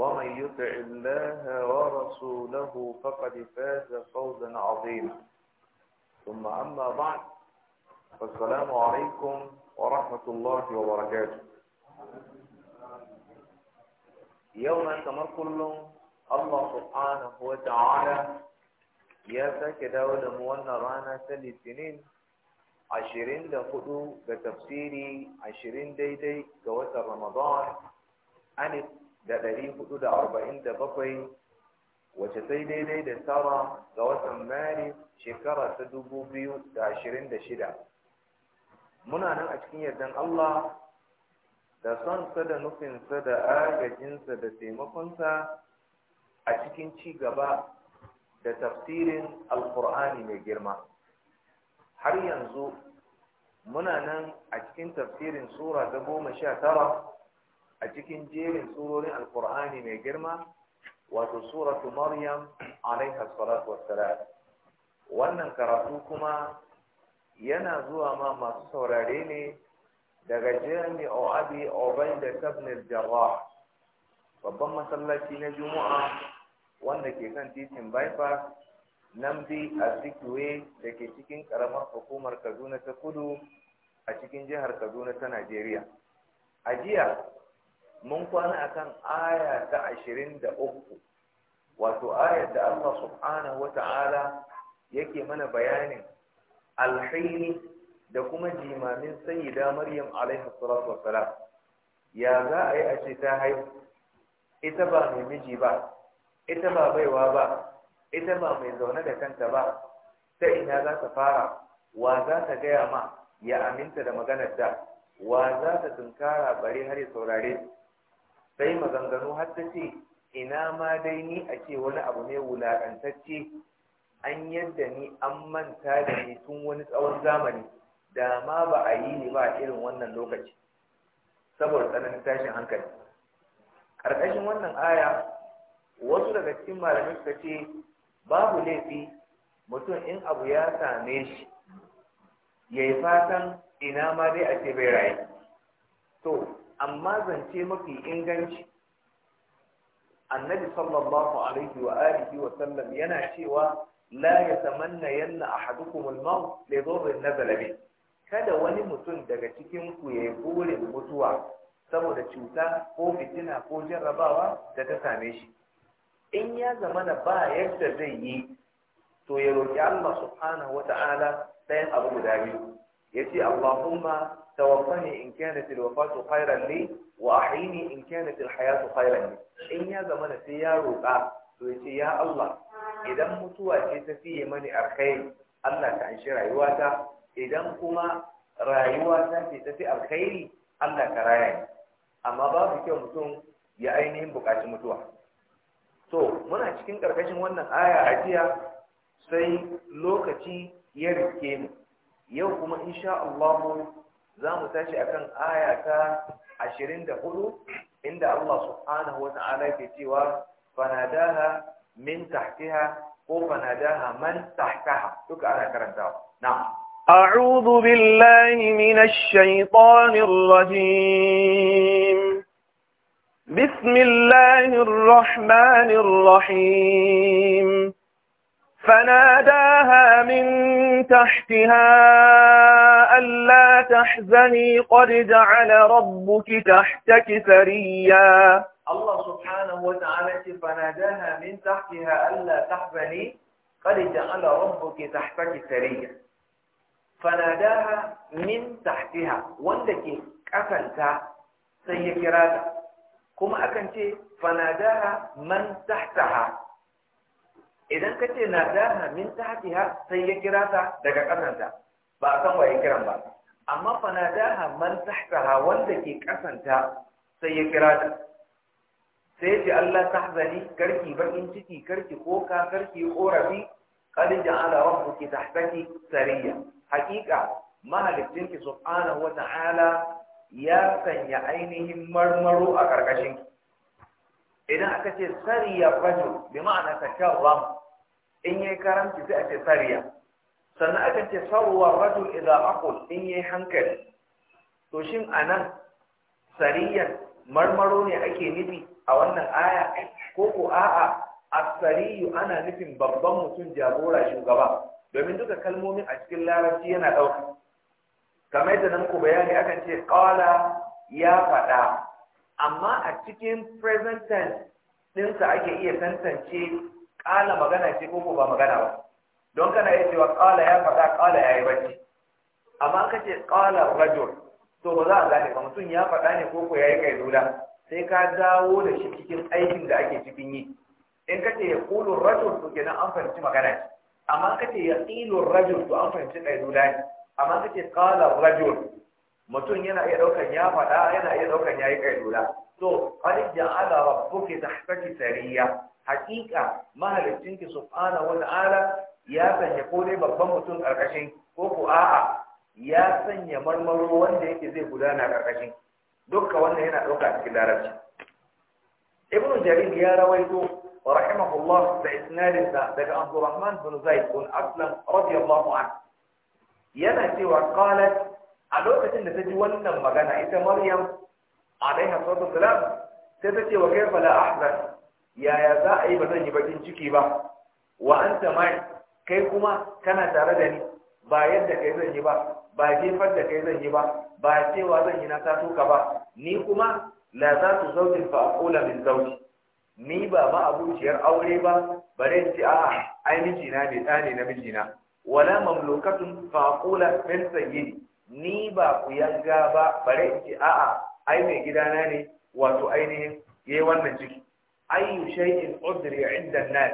ومن يطع الله ورسوله فقد فاز فوزا عظيما ثم أما بعد فالسلام عليكم ورحمة الله وبركاته يوم تمر كلهم الله سبحانه وتعالى يا sake dawo رانا mu سنين عشرين ta litinin عشرين da hudu رمضان رمضان da ɗari hudu da arba'in da bakwai wace sai daidai da tara ga watan maris shekara ta dubu biyu da ashirin da shida muna nan a cikin yardan allah da son sa da nufinsa da agajinsa da taimakonsa a cikin ci gaba da tafsirin alkur'ani mai girma har yanzu muna nan a cikin tafsirin sura ta goma sha tara a cikin jerin surorin alkur'ani mai girma wato suratu maryam alaiha salatu wassalam wannan karatu kuma yana zuwa ma masu saurare ne daga jami'o abi da tabnil jarrah babban masallaci na juma'a wanda ke kan titin bypass namdi azikiwe da ke cikin karamar hukumar kaduna ta kudu a cikin jihar kaduna ta najeriya a jiya mun kwana a kan aya ta ashirin da uku wato ayar da Allah subhanahu wata'ala yake mana bayanin alhaini da kuma jimamin sayyida Maryam alaihi salatu wassalam ya za a yi a ce ta haihu ita ba mai miji ba ita ba baiwa ba ita ba mai zaune da kanta ba ta ina za ta fara wa za ta gaya ma ya aminta da maganar da wa za ta tunkara bare har ya saurare sai maganganu har ta ce ina ma dai ni a ce wani abu ne wulaƙantacce an yadda ni an manta da ni tun wani tsawon zamani da ma ba a yi ni ba irin wannan lokaci saboda tsananin tashin hankali ƙarƙashin wannan aya wasu daga cikin malamai suka ce babu laifi mutum in abu ya same shi ya fatan ina ma dai a ce bai raye to amma zance mafi inganci annabi sallallahu alaihi wa alihi wa sallam yana cewa la yatamanna yanna ahadukum al-maut li dhurrin nazala bi kada wani mutum daga cikin ku yayi burin mutuwa saboda cuta ko fitina ko jarrabawa da ta same shi in ya zama da ba yadda zai yi to ya roki Allah subhanahu wata'ala ɗayan abu guda biyu yace Allahumma tawaffani in kanat alwafatu khairan li wa ahyini in kanat alhayatu khairan li in ya zama na sai ya roƙa to sai ya Allah idan mutuwa ce ta fiye mani alkhairi Allah ka anshi rayuwata idan kuma rayuwa ce ta fi alkhairi Allah ka raya ni amma babu kyau mutum ya ainihin buƙaci mutuwa to muna cikin ƙarƙashin wannan aya a jiya sai lokaci ya rike mu yau kuma insha Allah za mu tashi akan aya ta 24 inda Allah subhanahu wata'ala yake cewa fanadaha min tahtiha ko fanadaha man tahtaha duka ana karanta na'am a'udhu billahi minash shaitanir rajim bismillahir rahmanir rahim فناداها من تحتها ألا تحزني قد جعل ربك تحتك سريا الله سبحانه وتعالى فناداها من تحتها ألا تحزني قد جعل ربك تحتك سريا فناداها من تحتها وندك قفلتا سيكراتا كما أكنت فناداها من تحتها idan ka ce na daha min tahtiha sai ya kira ta daga kasanta ba a san waye kiran ba amma fa na daha man tahtaha wanda ke kasanta sai ya kira ta sai ce Allah tahzani karki bakin ciki karki koka karki korafi qad ja'ala rabbuki tahtaki sariya haqiqa mahalicinki subhanahu wa ta'ala ya sanya ainihin marmaro a karkashin idan aka ce sariya rajul bi ma'ana takarram in yayi karamci sai a ce sariya sannan akan ce sarwa rajul idza aqul in yayi hankali to shin nan sariyan marmaro ne ake nufi a wannan aya ko ko a'a asariyu ana nufin babban mutum jagora shugaba domin duka kalmomin a cikin larabci yana ɗauka kamar nan ku bayani akan ce ƙala ya faɗa amma a cikin present tense ɗinsa ake iya tantance ƙala magana ce ko ba magana ba don kana iya cewa ƙala ya faɗa ƙala ya yi bacci amma ka ce ƙala rajul to ba za a gane ba mutum ya faɗa ne ko ko ya yi kai lula sai ka dawo da shi cikin aikin da ake cikin yi in ka ce ya kulun rajul to kenan an fahimci magana ce amma ka ce ya ƙilun rajul to an fahimci kai lula ne amma ka ce ƙala rajul mutum yana iya ɗaukan ya faɗa yana iya ɗaukan ya yi kai lula to qad ja'ala rabbuka tahkaki sariya hakika mahalicin ki subhanahu wa ta'ala ya sanya ko dai babban mutum karkashin ko ko a'a ya sanya marmaro wanda yake zai gudana karkashin dukka wannan yana dauka cikin larabci ibnu jarir ya rawaito rahimahullah da isnadin ذاك daga abu rahman bin zaid bin aslam radiyallahu anhu yana cewa qalat a lokacin da ta ji wannan magana ita maryam alaiha salatu wassalam sai ta ce wa kaifa la ahzan yaya za a yi ba zan yi bakin ciki ba wa an kai kuma kana tare da ni ba yadda kai zan yi ba ba jefar da kai zan yi ba ba cewa zan yi na taso ka ba ni kuma la za su zaujin fa min zauji ni ba ma abuciyar aure ba bare in ce a'a ai mijina ne ɗa ne na mijina wala mamlukatun fa aqula min sayyidi ni ba ku yanga ba bare in ce a'a ai mai gidana ne wato ainihin yayi wannan ciki ayyu shay'in udri 'inda an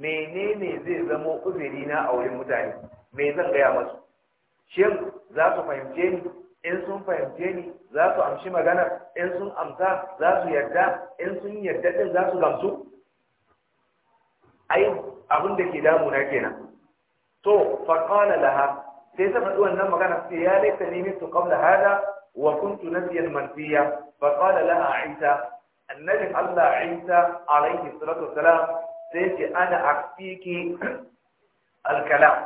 menene zai zama uzuri na a wurin mutane me zan gaya masu shin za su fahimce ni in sun fahimce ni za su amshi magana in sun amsa za su yarda in sun yarda din za su gamsu ai abin da ke na kenan to fa qala laha sai ta faɗi wannan magana sai ya laita ni mitu qabla hada wa kuntu nasiyan mansiya fa qala laha isa annabin Allah Isa alaihi salatu wasalam sai ce ana afiki alkalam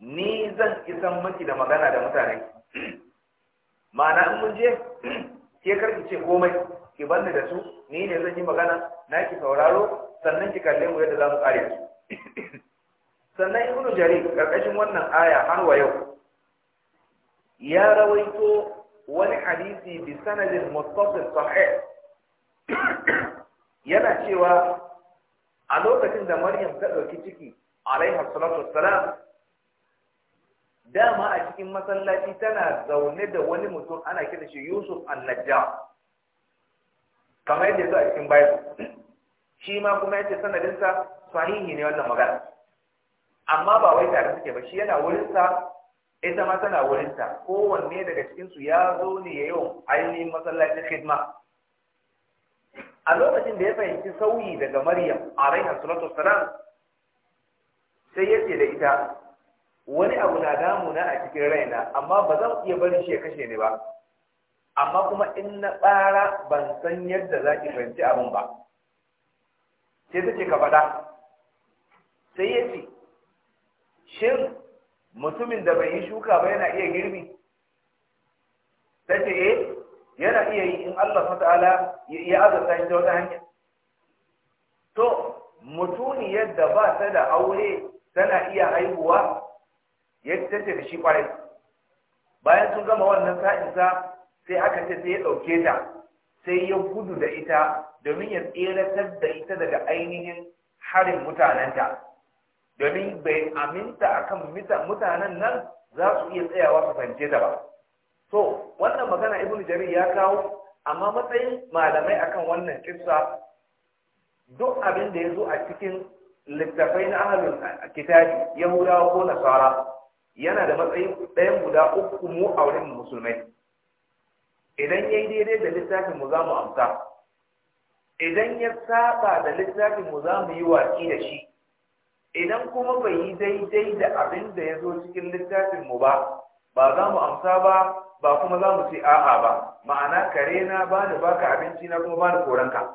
ni zan isan miki da magana da mutane ma'ana in mun je ke karki ce komai ki banni da su ni ne zan yi magana na ki sauraro sannan ki kalle mu yadda za mu kare su sannan ibnu jarir karkashin wannan aya har wa yau ya rawaito wani hadisi bi sanadin muttasil sahih yana cewa a lokacin da maryam ta ɗauki ciki alaiha salatu wassalam dama a cikin masallaci tana zaune da wani mutum ana kira shi yusuf an-Najjar kamar yadda zo a cikin bible shi ma kuma yace sanadinsa sahihi ne wannan magana amma ba wai tare suke ba shi yana wurin sa ita ma tana wurin sa kowanne daga cikinsu ya zo ne ya yi ainihin masallacin khidma a lokacin da ya fahimci sauyi daga maryam a alaiha salatu salam sai ya ce da ita wani abu na damu na a cikin raina amma ba zan iya bari shi ya kashe ni ba amma kuma in na tsara ban san yadda za ki fahimci abin ba sai ta ce ka faɗa sai ya ce shin mutumin da bai yi shuka ba yana iya girbi ta ce eh yana iya yi in Allah ta'ala ya azurta shi ta wata hanya to mutuni yadda ba ta da aure tana iya haihuwa yadda take da shi kwarai bayan sun gama wannan sa'insa sai aka ce sai ya ɗauke ta sai ya gudu da ita domin ya tseratar da ita daga ainihin harin mutanenta domin bai aminta akan mutanen nan za su iya tsayawa su fahimce ta ba So, wannan magana ibnu jarir ya kawo amma matsayin malamai akan wannan kisa. duk abin da ya zo a cikin littafai na ahalin kitabi yahudawa ko nasara yana da matsayin ɗayan guda uku mu a wurin musulmai idan ya yi daidai da littafin mu za mu amsa idan ya saba da littafin mu za mu yi watsi da shi idan kuma bai yi daidai da abin da ya zo cikin littafin mu ba ba za mu amsa ba ba kuma za mu ce a'a ba ma'ana kare na ba ni baka abinci na kuma ba ni koranka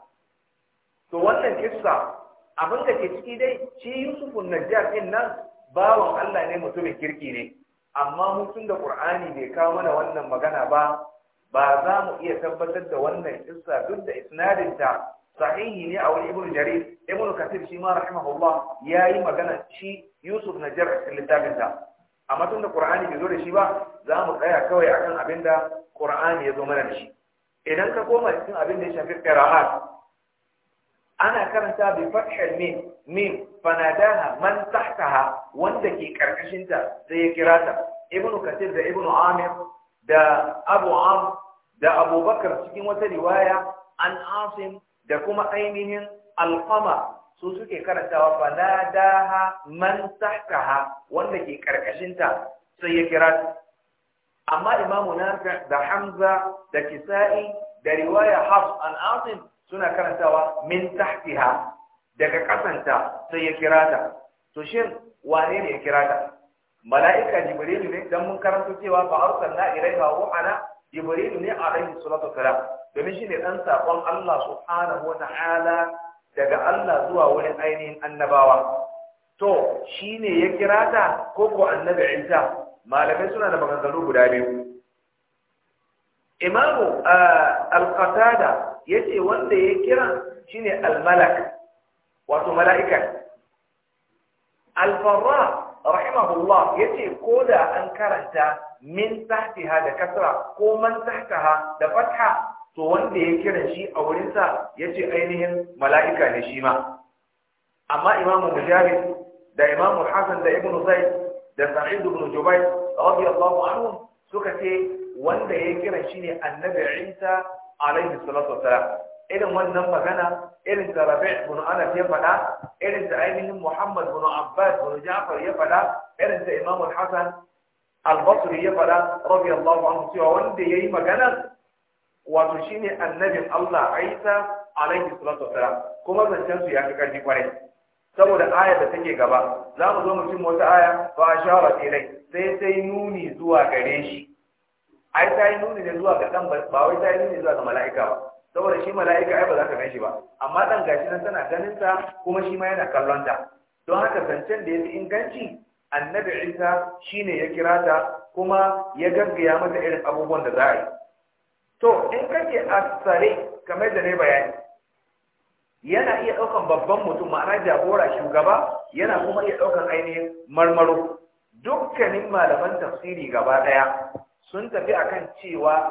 to wannan kissa abin da ke ciki dai shi Yusufu najjar din nan bawan Allah ne mutumin kirki ne amma mun tun da qur'ani bai kawo mana wannan magana ba ba za mu iya tabbatar da wannan kissa duk da isnadinta sahihi ne a wani ibnu jarir ibn kathir shi ma rahimahullah yayi magana shi yusuf najjar a cikin littafinsa amma tun da qur'ani bai zo da shi ba za mu tsaya kawai akan abin da qur'ani ya zo mana da shi idan ka koma cikin abin da ya shafi qira'at ana karanta bi fathil min fanadaha man tahtaha wanda ke karkashin ta sai ya kira ta ibnu kathir da ibnu amir da abu am da abubakar cikin wata riwaya an asim da kuma ainihin alqama su suke karantawa fanadaha man tahtaha wanda ke karkashinta sai ya kira su amma imamu nafi da hamza da kisa'i da riwaya hafs an asim suna karantawa min tahtiha daga kasanta sai ya kira ta to shin wane ne ya kira ta mala'ika jibrilu ne dan mun karanta cewa fa arsalna wa ruhana jibrilu ne alaihi salatu wassalam domin shine ɗan sakon Allah subhanahu wa ta'ala daga Allah zuwa wurin ainihin annabawa to shine ya kira ta ko ko annabi Isa malamai suna da maganganu guda biyu imamu al-qatada yace wanda ya kira shine al-malak wato mala'ika al-farra rahimahullah yace da an karanta min tahtiha da kasra ko man tahtaha da fatha to wanda ya kiran shi a wurinsa ya ce ainihin mala'ika ne shi ma amma imamu mujahid da imamu Hassan da Ibn zaid da sa'id ibn jubayr radiyallahu anhu suka ce wanda ya kiran shi ne annabi isa alaihi salatu wassalam irin wannan magana irin da rabi' ibn anas ya faɗa irin da ainihin muhammad ibn abbas ibn ja'far ya faɗa irin da imamu hasan al-basri ya faɗa radiyallahu anhu cewa wanda yayi magana wato shine annabin Allah Isa alaihi salatu wasalam kuma zancen su ya fi karfi kwarai saboda Aya da take gaba za mu zo mu cin wata aya fa ashara ilai sai sai nuni zuwa gare shi ai ta yi nuni ne zuwa ga dan ba wai ta yi nuni zuwa ga mala'ika ba saboda shi mala'ika ai ba za ka gan shi ba amma dan gashi nan tana ganin sa kuma shi ma yana kallon ta don haka zancen da ya fi inganci annabi Isa shine ya kira ta kuma ya gaggaya mata irin abubuwan da za a yi to in kake asare kamar da ne bayani yana iya ɗaukan babban mutum ma'ana jagora shugaba yana kuma iya ɗaukan ainihin marmaro dukkanin malaman tafsiri gaba ɗaya sun tafi a kan cewa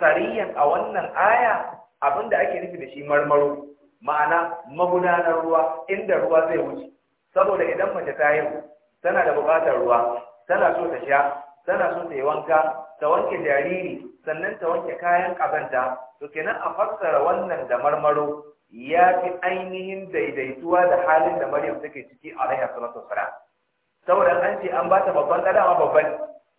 sariyan a wannan aya Abin da ake nufi da shi marmaro ma'ana magudanar ruwa inda ruwa zai wuce saboda idan mace ta yi tana da buƙatar ruwa tana so ta sha tana so ta yi wanka ta wanke jariri sannan ta wanke kayan ƙazanta to kenan a fassara wannan da marmaro ya fi ainihin daidaituwa da halin da maryam take ciki a ranar salatu wasalam saboda an ce an ba ta babban ɗan babban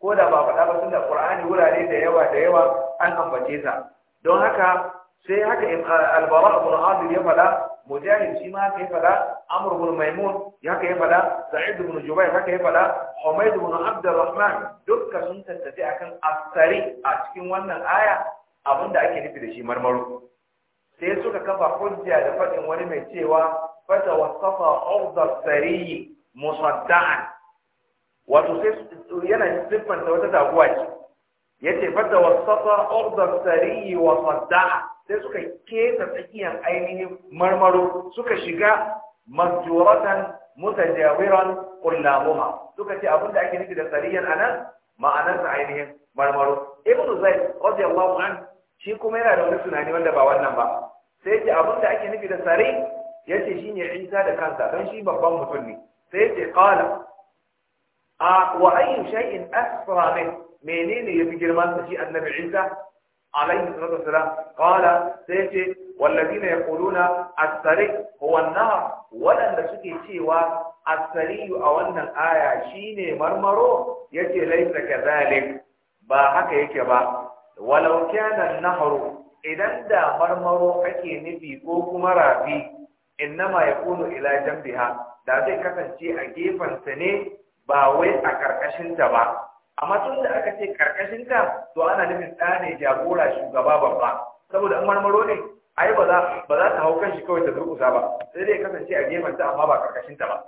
ko da ba faɗa ba tun da qur'ani wurare da yawa da yawa an ambace ta don haka sai haka albara ibn azib ya faɗa مجاهد shi ma haka ya fada amr ibn maimun ya haka ya fada sa'id ibn jubair haka ya fada humayd ibn abdurrahman dukkan sun tattafi akan asari wannan aya abinda ake nufi da shi marmaro sai suka kafa hujja da fadin wani mai cewa fata wasafa urda sari musaddan wato sai yana siffanta wata taguwa ce yace fata wasafa urda sari wa sadda'a sai suka keta tsakiyar ainihin marmaro suka shiga masjuratan mutajawiran kullamuha suka ce abin da ake nufi da tsariyan anan ma'anar sa ainihin marmaro ibnu zaid radiyallahu an shi kuma yana da wani tunani wanda ba wannan ba sai ce abin da ake nufi da tsari yace shine isa da kansa don shi babban mutum ne sai yace qala a wa ayyu shay'in asfara min menene yafi girman shi annabi isa alaihi salatu wasalam qala sai ce wallazina yaquluna as-sari huwa suke cewa as a wannan aya shi ne marmaro yace laisa kadhalik ba haka yake ba walau kana an-nahru idan da marmaro ake nufi ko kuma rafi innama yakunu ila jambiha da zai kasance a gefensa ne ba wai a ƙarƙashinta ba amma tun da aka ce karkashin ka to ana nufin ɗa ne jagora shugaba babba saboda an marmaro ne ai ba za ba za ta hau kan shi kawai ta durƙusa ba sai dai kasance a gefen ta amma ba karkashin ta ba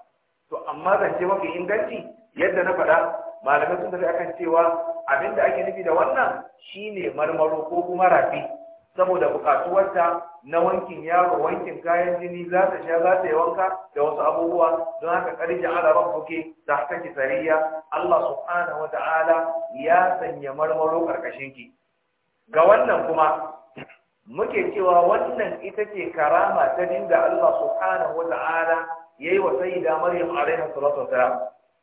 to amma zan zance mafi inganci yadda na faɗa malamai sun tafi akan cewa abinda ake nufi da wannan shine marmaro ko kuma rafi saboda bukatuwarta na wankin yaro wankin kayan jini za ta sha za ta yi wanka da wasu abubuwa don haka karji ala rabbuki ki sariya Allah subhanahu wata'ala ya sanya marmaro karkashin ki ga wannan kuma muke cewa wannan ita ce karama ta dinda Allah subhanahu wata'ala yayi wa sayyida Maryam alaiha salatu wasalam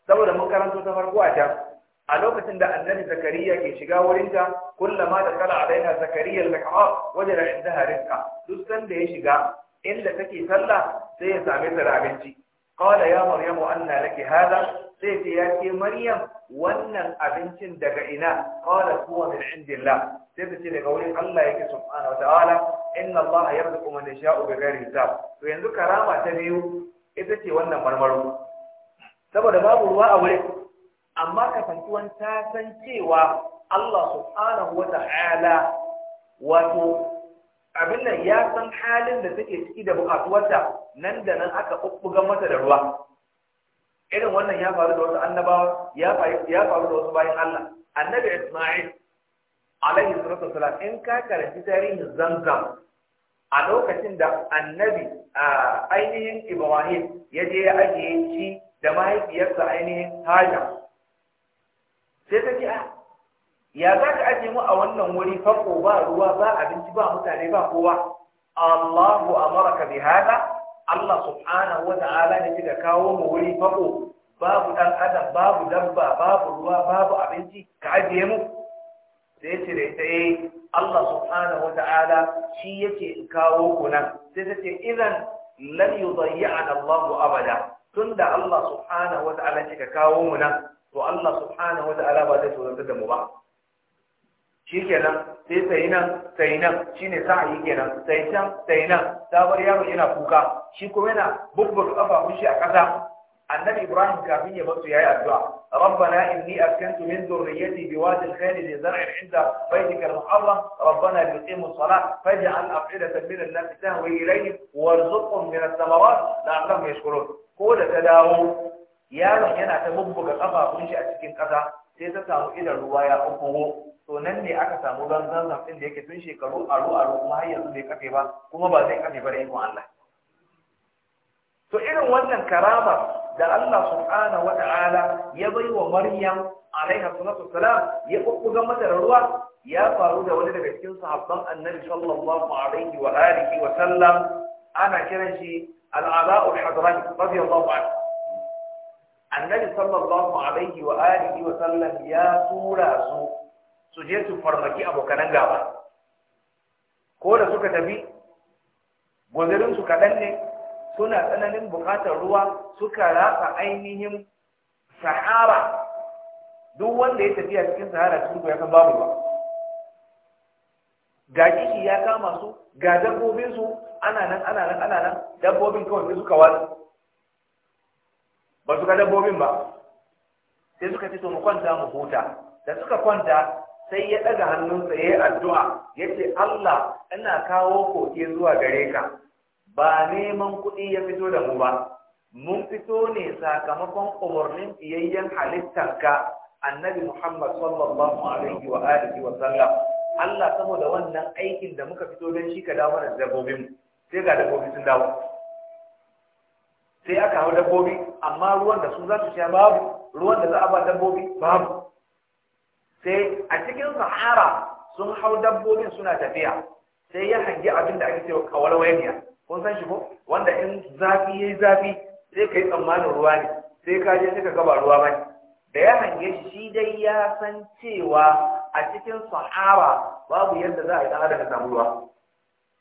saboda mun karanto ta farko a can a lokacin da annabi zakariya ke shiga wurinta kullama da kala alaiha zakariya al-zakara wajen indaha rizqa duk sanda ya shiga inda take sallah sai ya same ta abinci qala ya maryamu anna laki hada sai ta ya ce maryam wannan abincin daga ina qala huwa min indillah sai ta ce daga wurin Allah yake subhanahu wa ta'ala inna Allah yarzuqu man yasha'u bighairi hisab to yanzu karama ta biyu ita ce wannan marmaro saboda babu ruwa a wurin amma kasantuwan ta san cewa Allah subhanahu wa ta'ala wato abin nan ya san halin da take ciki da bukatuwarta nan da nan aka bubbuga mata da ruwa irin wannan ya faru da wasu annabawa ya faru da wasu bayan Allah annabi Isma'il alaihi salatu wasalam in ka karanci tarihin Zamzam a lokacin da annabi ainihin Ibrahim ya je ya ajiye shi da mahaifiyarsa ainihin Hajar sai ta ce ah, ya za ka ajiye mu a wannan wuri fako ba ruwa ba abinci ba mutane ba kowa Allahu amaraka bi hada Allah subhanahu wa ta'ala ne kika kawo mu wuri fako babu dan adam babu dabba babu ruwa babu abinci ka ajiye mu sai ce da ita eh, Allah subhanahu wata'ala shi yake kawo ku nan sai ta ce idan lam yudayyi'ana Allahu abada tunda Allah subhanahu Ta'ala ya kawo mu nan to Allah subhanahu wata'ala ba zai tsorantar da mu ba shikenan sai sai nan sai nan shine sa'i kenan sai can sai nan ta bar yaro yana kuka shi kuma yana bubbuga kafafun shi a ƙasa annabi ibrahim kafin ya basu yayi addu'a rabbana inni askantu min dhurriyyati biwadin khayri li zar'in 'inda baytika al-muharram rabbana liqimu as-salah faj'al af'idatan min an-nas tahwi ilayhim warzuqhum min ath-thamarat la'allahum yashkurun ko da ta dawo yaron yana ta bubbuga kafafun shi a cikin ƙasa sai ta samu idan ruwa ya ɓuɓɓugo to nan ne aka samu ran zanzan ɗin da yake tun shekaru aro aro kuma har yanzu bai kafe ba kuma ba zai kafe ba da ikon Allah to irin wannan karama da Allah subhanahu wata'ala ya bai wa Maryam alaiha salatu ya kukkuga mata ruwa ya faru da wani daga cikin sahabban Annabi sallallahu alaihi wa alihi wa sallam ana kiran shi al-Ala al-Hadrami radiyallahu anhu annabi sallallahu alaihi wa alihi wa sallam ya tura su su je su farmaki abokanan gaba ko da suka tafi gwazirin su kaɗan ne suna tsananin buƙatar ruwa suka rasa ainihin sahara duk wanda ya tafiya cikin sahara cikin ya san babu ba ga kishi ya kama su ga dabbobin su ana nan ana nan ana nan dabbobin kawai suka wani basu ga dabbobin ba sai suka ce to mu kwanta mu huta da suka kwanta sai ya ɗaga hannunsa ya yi addu'a ya ce Allah ina kawo koke zuwa gare ka ba neman kuɗi ya fito da mu ba mun fito ne sakamakon umarnin biyayyen halittarka annabi Muhammad sallallahu alaihi wa alihi wa sallam Allah saboda wannan aikin da muka fito don shi ka dawo da dabbobin sai ga dabbobi sun dawo sai aka hau dabbobi amma ruwan da su za su sha babu ruwan da za a ba dabbobi babu sai a cikin sahara sun hau dabbobin suna tafiya sai ya hangi abin da ake cewa kawalwaniya kun san shi ko wanda in zafi yayi zafi sai ka yi tsammanin ruwa ne sai ka je ka gaba ruwa ba. da ya hange shi shi dai ya san cewa a cikin sahara babu yadda za a yi dan ka samu ruwa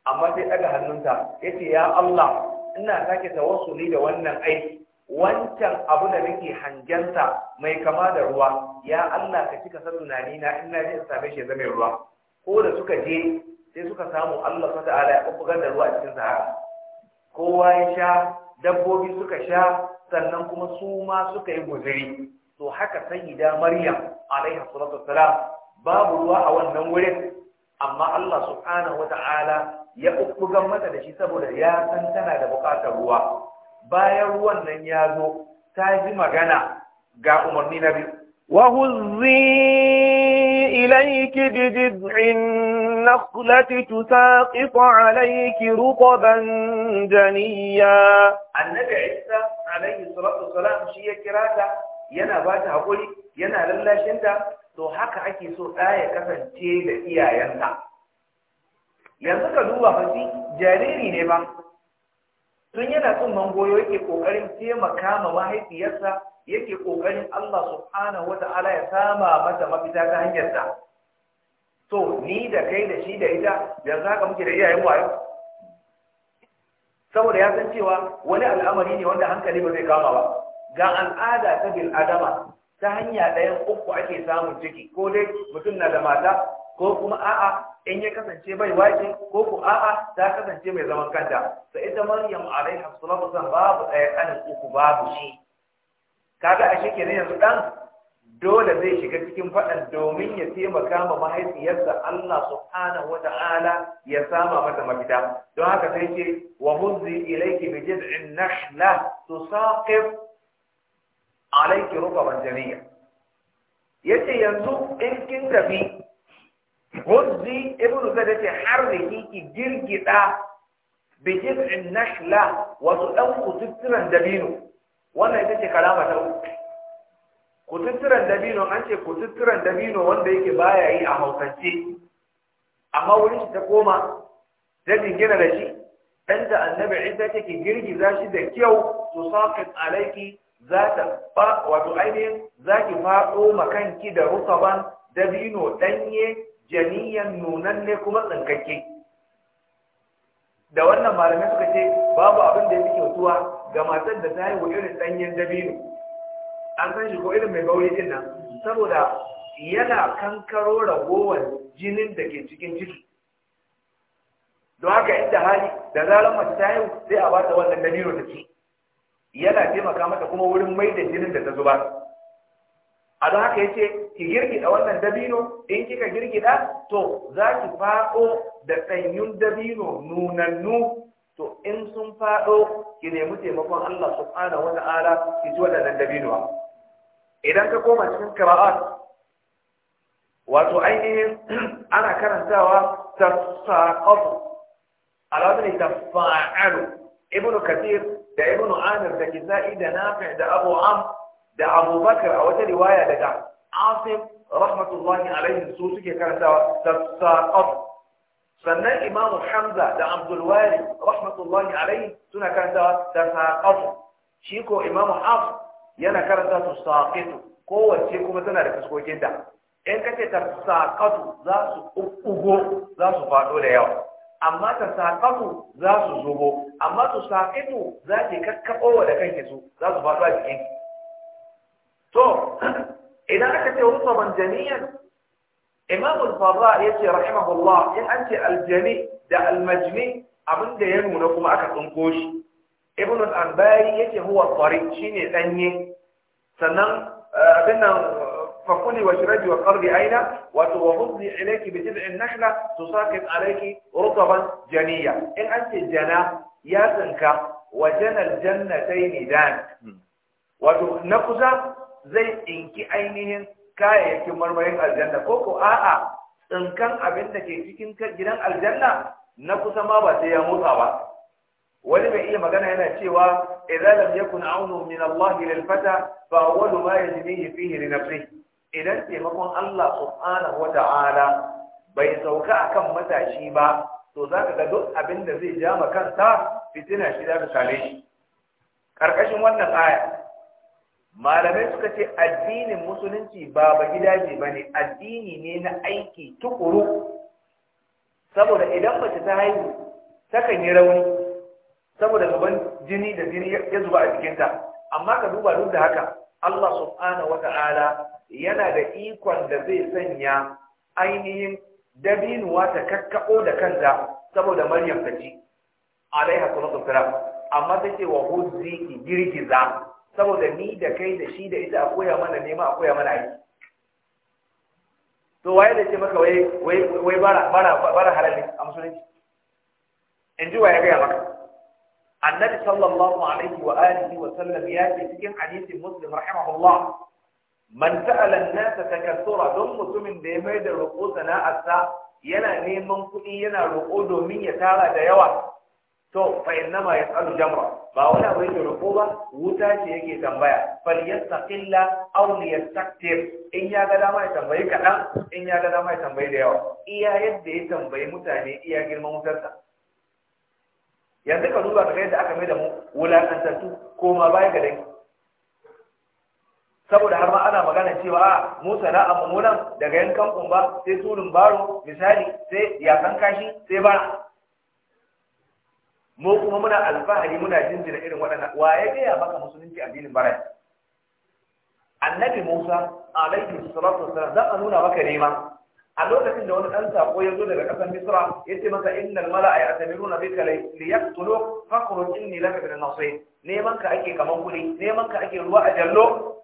amma sai daga hannunta ce ya Allah ina sake tawassuli da wannan aiki wancan abu da nake hangenta mai kama da ruwa ya Allah ka cika san tunani na in na je in same shi ya zama ruwa ko da suka je sai suka samu Allah subhanahu ta'ala ya kubbugar da ruwa a cikin sahara kowa ya sha dabbobi suka sha sannan kuma su ma suka yi guzuri to haka sayyida maryam alaiha salatu wassalam babu ruwa a wannan wurin amma Allah subhanahu wata'ala ya ukkugan mata da shi saboda ya san tana da buƙatar ruwa bayan ruwan nan ya zo ta ji magana ga umarni na biyu. Wahuzi ilaiki jijin nakulati tusaƙiƙo alaiki ruko ban janiya. Annabi Isa alaihi salatu salam shi ya kira ta yana ba ta haƙuri yana lallashin ta to haka ake so ɗaya kasance da iyayenta. Yanzu ka duba fasi jariri ne ba. sun yana tsumman goyo yake kokarin taimaka ma mahaifiyarsa yake kokarin Allah subhanahu Ta'ala ya sama mata mafita ta hanyar sa to ni da kai da shi da ita yanzu haka muke da iyayen wayo saboda ya san cewa wani al'amari ne wanda hankali ba zai kama ba ga al'ada ta bil adama ta hanya ɗayan uku ake samun ciki ko dai mutum na da mata ko kuma a'a in ya kasance bai waki, ko ku a'a ta kasance mai zaman kanta sai ita maryam alaiha salatu wasallam babu ɗaya kanin uku babu shi kaga shike ne yanzu dan dole zai shiga cikin faɗan domin ya taimaka ma mahaifiyarsa Allah subhanahu wata'ala ya sama mata mafita don haka sai ce wa huzzi ilayki bi jid'in nahla tusaqif alayki rukaban jamiya yace yanzu in kin tafi Huzzi ibn Zada ce har da kiki girgida bi jiz'in nashla wasu ɗan kututturan dabino. Wannan ita ce kalama ta Kututturan dabino an ce kututturan dabino wanda yake baya yi a hausance. Amma wurin shi ta koma ta jingina da shi. da annabi Isa ki girgiza shi da kyau su saƙin alaiki za ta ba wato ainihin za ki faɗo makanki da rukaban dabino ɗanye janiyan nunanne kuma tsankakke da wannan malamai suka ce babu abin da ya fi kyautuwa ga matar da ta haihu irin ɗanyen dabino an san shi ko irin mai bauri din nan saboda yana kankaro ragowar jinin da ke cikin ciki don haka inda hali da zarar mace ta haihu sai a bata wannan dabino ta ci yana taimaka mata kuma wurin mai da jinin da ta zuba a don haka ce, ki girgida wannan dabino in kika girgida to za ki faɗo da ɗanyun dabino nunannu to in sun faɗo ki nemi taimakon Allah subhanahu wata'ala ki ji wannan dabino. idan ka koma cikin qira'at wato ainihin ana karantawa tasaqaf alawani tafa'alu ibnu kathir da ibnu amir da kizai da nafi da abu am da abubakar a wata riwaya daga asim rahmatullahi alaihi su suke karantawa tasaqaf sannan Imam hamza da abdulwari rahmatullahi alaihi suna karantawa tasaqaf shi ko imamu hafs yana karanta tasaqitu kowace kuma tana da fuskokinta in ka ta tasaqatu za su ugo za su faɗo da yawa amma tasaqatu za su zubo amma tasaqitu za ki kakkaɓo da kanki su za su faɗo a jikinki طور إذا أكت رطبا جنيا إمام الفضاء يسي رحمه الله إن أنت الجميع ده المجميع أبن ده ينونكم أكت ابن الأنباري يسي هو الطريق شيني ثاني سنن آه، بنا آه، فكل وشرجي وقربي أين وتوهضي إليك بجذع النحلة تساقط عليك رطبا جنيا إن أنت الجنة يا سنك وجنى الجنتين دان وتنقز zai tsinki ainihin kayayyakin marmarin aljanna ko ko a'a tsinkan abin da ke cikin gidan aljanna na kusa ma ba sai ya motsa ba wani mai iya magana yana cewa idza lam yakun aunu min Allah lil fata fa awwalu ma yajnihi fihi li nafsihi idan taimakon Allah subhanahu wa ta'ala bai sauka akan matashi ba to zaka ga duk abin da zai ja ma kansa fitina shi da sale shi karkashin wannan aya malamai suka ce addinin musulunci ba ba gidaje ba ne addini ne na aiki tukuru saboda idan mace ta haihu takan yi rauni saboda gaban jini da jini ya zuba a jikinta amma ka duba duk da haka Allah subhanahu wa ta'ala yana da ikon da zai sanya ainihin dabinuwa ta kakkaɓo da kanta saboda maryam ta ci alaiha salatu wassalam amma take wa huzzi girgiza saboda ni da kai da shi da ita a koya mana nema a koya mana aiki to waye da ce maka wai wai wai bara bara bara halalin a musulunci in ji waye gaya maka annabi sallallahu alaihi wa alihi wa sallam ya ce cikin hadisin muslim rahimahullah man sa'ala an-nas takassura don mutumin da ya mai da roƙo sana'arsa yana neman kuɗi yana roƙo domin ya tara da yawa to fa innama yas'alu jamra ba wani abu yake roƙo ba wuta ce yake tambaya fal yastaqilla aw liyastaktir in ya ga dama ya tambayi kaɗan in ya ga dama ya tambayi da yawa iya yadda ya tambayi mutane iya girman wutarsa yanzu ka duba ka yadda aka mai da mu wulaƙantattu ko ma baya ga dai saboda har ma ana magana cewa a mu sana'a mu nan daga yankan ba, sai tulun baro misali sai yakan kashi sai bara mu kuma muna alfahari muna jinjina irin waɗannan wa ya gaya maka musulunci addinin barai annabi musa alaihi salatu wassalam zan a nuna maka nema a lokacin da wani ɗan sako ya zo daga ƙasar misra ya ce maka innal mala'a ya atamiru na bika li yaqtulu faqru inni laka min nasir neman ka ake kaman kuɗi neman ka ake ruwa a jallo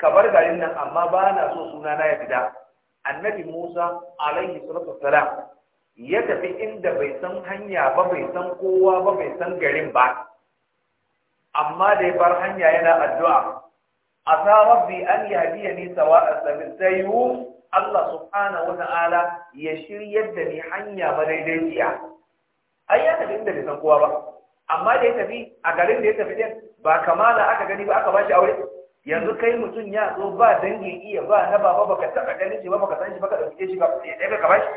ka bar garin nan amma ba na so suna na ya fita annabi musa alaihi salatu wassalam ya tafi inda bai san hanya ba bai san kowa ba bai san garin ba amma da ya bar hanya yana addu'a asa rabbi an yahdiyani sawa'a sabil sayyu Allah subhanahu wa ta'ala ya shiryar da ni hanya ba jiya. ai ya tafi inda bai san kowa ba amma da ya tafi a garin da ya tafi din ba kamala aka gani ba aka ba shi aure yanzu kai mutum ya zo ba dangin iya ba na baba baka taba ganin shi ba baka san shi baka dauke shi ba sai ka shi?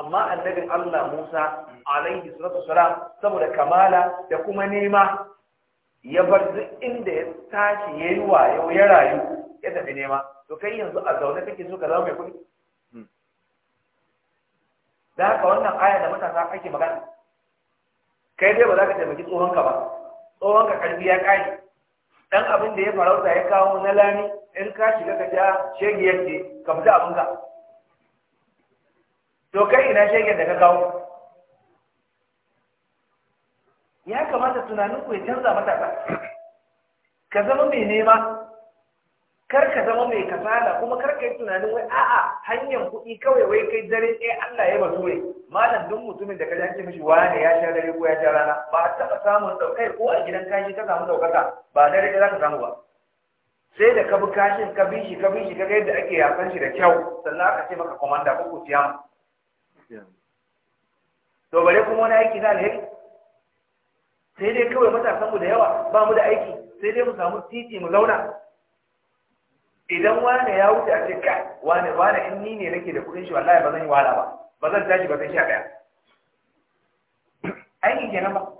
amma annabin Allah Musa alaihi salatu salam saboda kamala da kuma nema ya bar duk inda ya tashi yayi wayo ya rayu ya tafi nema to kai yanzu a zaune kake so ka zama mai kuɗi hmm. da haka wannan aya da matasa kake magana kai dai ba za ka taimaki tsohonka ba tsohonka karfi ya kai dan abin da ya farauta ya kawo na lani in ka shiga ka ja shege yake ka fita abinka to kai ina shege da ka kawo ya kamata tunanin ku ya canza matasa ka zama mai nema kar ka zama mai kasala kuma kar ka yi tunanin wai a'a hanyar kuɗi kawai wai kai dare ɗaya Allah ya bature malam duk mutumin da ka ji mishi wane ya sha dare ko ya sha rana ba a taɓa samun ɗaukai ko a gidan kashi ka samu ɗaukaka ba dare ɗaya za ka samu ba sai da ka bi kashin ka bi shi ka bi shi ka ga yadda ake yasan shi da kyau sannan aka ce maka komanda ko ku siya to bare kuma wani aiki na alheri sai dai kawai matasanmu da yawa ba mu da aiki sai dai mu samu titi mu zauna idan wane ya wuce a ce kai wane wane in ni ne nake da kuɗin shi wallahi ba zan yi wahala ba ba zan tashi ba zan sha ɗaya aiki kenan ba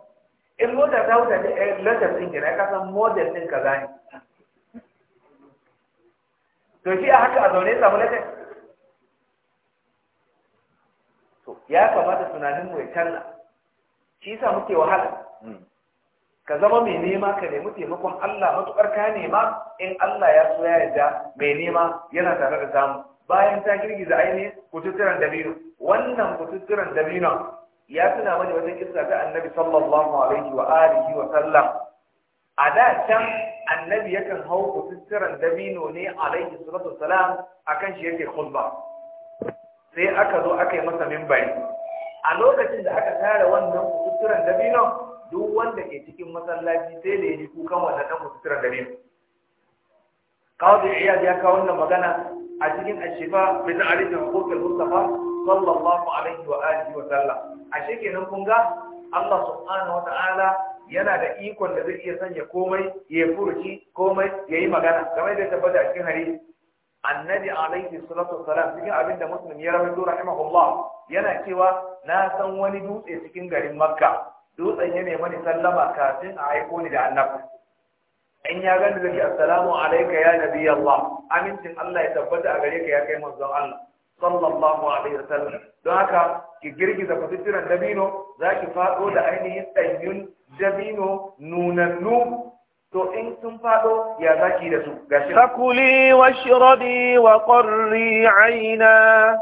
in mota ta wuce ne eh, lantar ɗin kenan ka san model ɗin kaza ne to shi a haka a zaune ya samu lantar to ya kamata tunanin mu ya canza shi yasa muke wahala hmm. ka zama mai nema ka nemi taimakon Allah Matuƙar ka nema in Allah ya so ya yarda mai nema yana tare da samu bayan ta girgiza ainihin kututturan dabino wannan kututturan dabino ya tuna mani wata kisa ta annabi sallallahu alaihi wa alihi wa sallam a da can annabi yakan hau kututturan dabino ne alaihi salatu wassalam akan shi yake khutba sai aka zo aka yi masa mimbari a lokacin da aka tara wannan da dabino duk wanda ke cikin masallaci sai da ya ji kukan wannan dan kututturan dabino da iyad ya kawo wannan magana a cikin ashifa ta ta'rif da al-mustafa sallallahu alaihi wa alihi wa sallam a kenan kun ga Allah subhanahu wa ta'ala yana da ikon da zai iya sanya komai ya furuci komai ya yi magana kamar da tabbata a cikin hadisi annabi alaihi salatu wassalam cikin abinda muslim ya rawaito rahimahullah yana cewa na san wani dutse cikin garin makka dutsen ya nemi ni sallama kafin a aiko ni da annabi in ya gani zai assalamu alayka ya nabi allah amincin allah ya tabbata a gare ka ya kai manzon allah sallallahu alaihi wasallam don haka ki girgiza fitiran dabino zaki fado da ainihin ɗanyun dabino nunannu to in sun fado ya zaki da su gashi fakuli washrabi wa qarri aina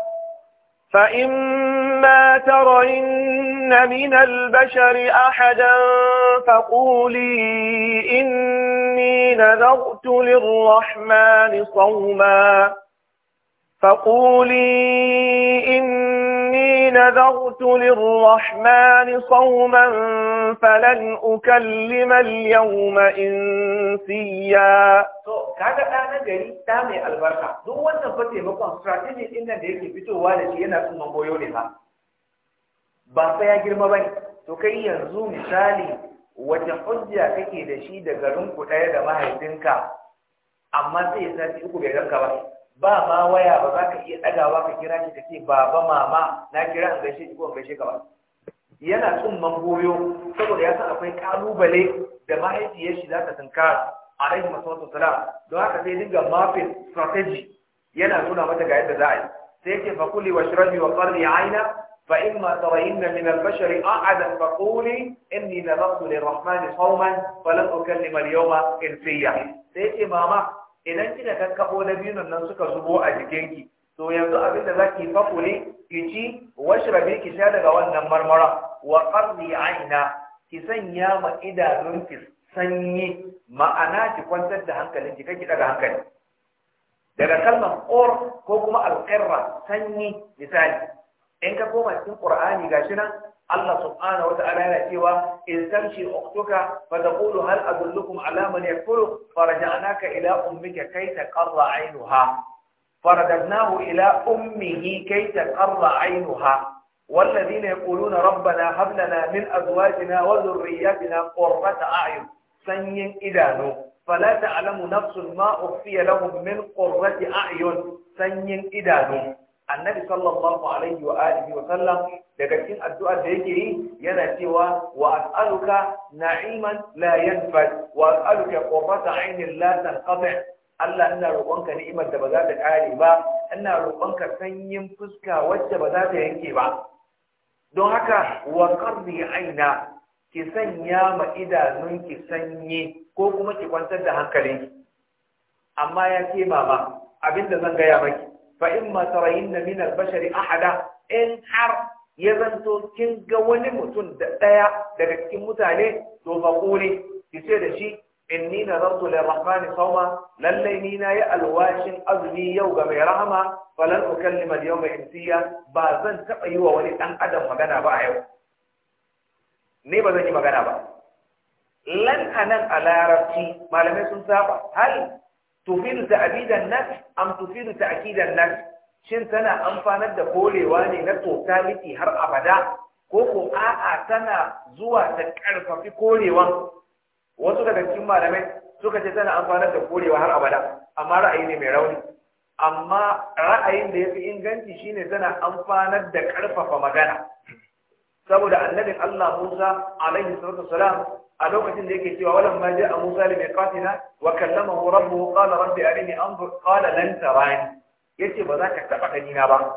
fa imma tarayin min al-bashari ahadan faquli inni nadhtu lir-rahmani sawma faquli inni إني نذرت للرحمن صوما فلن أكلم اليوم إنسيا kaga ɗa na gari ɗa mai albarka duk wannan fa taimakon strategy ɗin nan da yake fitowa da shi yana tsuman goyo ne ba ba fa ya girma ne, to kai yanzu misali wace hujja kake da shi da garin ku ɗaya da mahaifinka amma sai ya sati uku bai ranka ba ba ma waya ba za ka iya ɗagawa ka kira shi ka ce baba mama na kira in gaishe shi ko in gaishe ka ba yana tsun man goyo saboda ya san akwai kalubale da mahaifiyar shi za ta tunkara alaihi masallatu salam don haka sai dinga mafin strategy yana nuna mata ga yadda za a yi sai yake fakuli wa shirabi wa qarri aina fa in ma bashari a tarayinna fakuli in ni na zafi inni nadartu lirrahman sawman falam ukallima al-yawma in sai yake mama idan kika kakkabo na biyu nan suka zubo a jikinki to yanzu abin da zaki fakuri ki ci washrabi ki sha daga wannan marmara wa qarni aina ki sanya ma idanun ki sanyi ma'ana ki kwantar da hankalin ki kake daga hankali daga kalmar qur ko kuma alqirra sanyi misali in ka koma cikin qur'ani gashi nan Allah subhana wata'ala yana cewa in tamshi uktuka har taqulu hal alama ne man yakulu farja'naka ila ummika kay taqarra 'aynuha faradnahu ila ummihi kay taqarra 'aynuha walladhina yaquluna rabbana hab lana min azwajina wa dhurriyyatina qurrata a'yun sanyin idanu fala ta'lamu nafsun ma ukhfiya lahum min qurrati a'yun sanyin idanu annabi sallallahu alaihi wa alihi wa sallam daga cikin addu'ar da yake yi yana cewa wa as'aluka na'iman la yanfad wa as'aluka qurrata 'aynin la tanqati Allah ina roƙonka ni'imar da ba za ta ƙare ba ina roƙonka sanyin fuska wacce ba za ta yanke ba don haka wa qarri 'aina ki sanya ma idanunki sanyi ko kuma ki kwantar da hankali. amma ya ce mama abinda zan gaya maki fa in ma tarayinna min al-bashari ahada in har ya zanto kin ga wani mutum da daya daga cikin mutane to faquli ki da shi In ni inni nazartu lirrahman sawma lallai ni na yi alwashin azumi yau ga mai rahama falan ukallima al-yawma insiya ba zan taba yi wa wani ɗan adam magana ba a yau ne ba zan yi magana ba lan anan a larabci malamai sun saba hal tufidu ta'bidan nas am tufidu ta'kidan nas shin tana amfanar da korewa ne na totality har abada ko ko a'a tana zuwa ta karfafi korewan wasu daga cikin malamai suka ce tana amfanar da korewa har abada amma ra'ayi ne mai rauni amma ra'ayin da ya fi inganci shine tana amfanar da karfafa magana saboda annabin Allah Musa alaihi salatu wasalam a lokacin da yake cewa walan ma ja'a Musa li miqatina wa kallamahu rabbuhu qala rabbi arini anzur qala lan tarani yace ba za ka taba gani na ba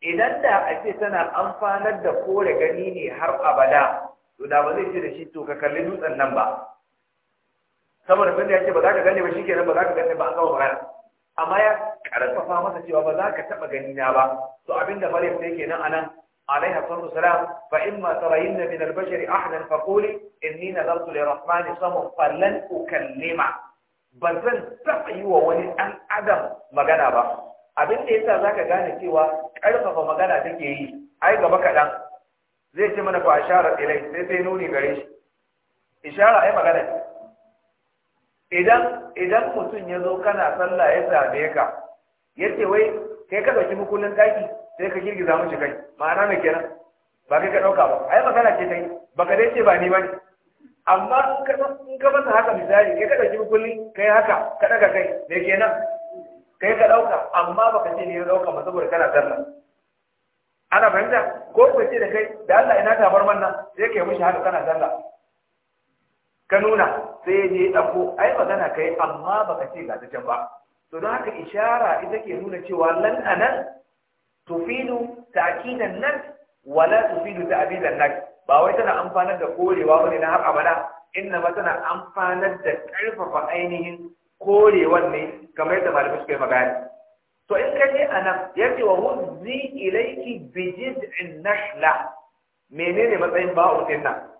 idan da a ce tana amfanar da kore gani ne har abada to da ba zai ce da shi to ka kalli dutsen nan ba saboda sanda ya ce ba za ka gane ba shi kenan ba za ka gane ba an kawo magana amma ya karfafa masa cewa ba za ka taba gani na ba to abinda Maryam ta yake nan anan عليها الصلاة والسلام فإما ترين من البشر أحدا فقولي إني نذرت للرحمن صم فلن أكلمه بزن تفعي وولي أن أدم مغانا با abin da yasa zaka gane cewa ƙarfafa magana take yi ai gaba kaɗan zai ce mana fa ashara ilai sai sai nuni gare shi ishara ai magana idan mutum ya zo kana sallah ya same ka yace wai kai ka ɗauki makullin ɗaki sai ka girgiza mashi kai ma'ana me kenan ba kai ka ɗauka ba ai magana ce ta yi ba ka dai ce ba ni ba ne amma in ka masa haka misali kai ka ɗauki mukullin kai haka ka daga kai me kenan kai ka ɗauka amma ba ka ce ne ya ɗauka ba saboda kana sallah ana fahimta ko ku ce da kai da Allah ina ta man nan sai kai mushi haka kana sallah ka nuna sai ya je ɗauko ai magana kai amma ba ka ce ga ta can ba to don haka ishara ita ke nuna cewa lan Tufinu! tufidu ta'kidan nan wala tufidu ta'bidan nan ba wai tana amfanar da korewa bane na har abada inna ma tana amfanar da karfafa ainihin korewan ne kamar yadda malamai suka yi magana to in ka je anan yace wa huzzi ilayki bi jiz'in nashla menene matsayin ba'u din nan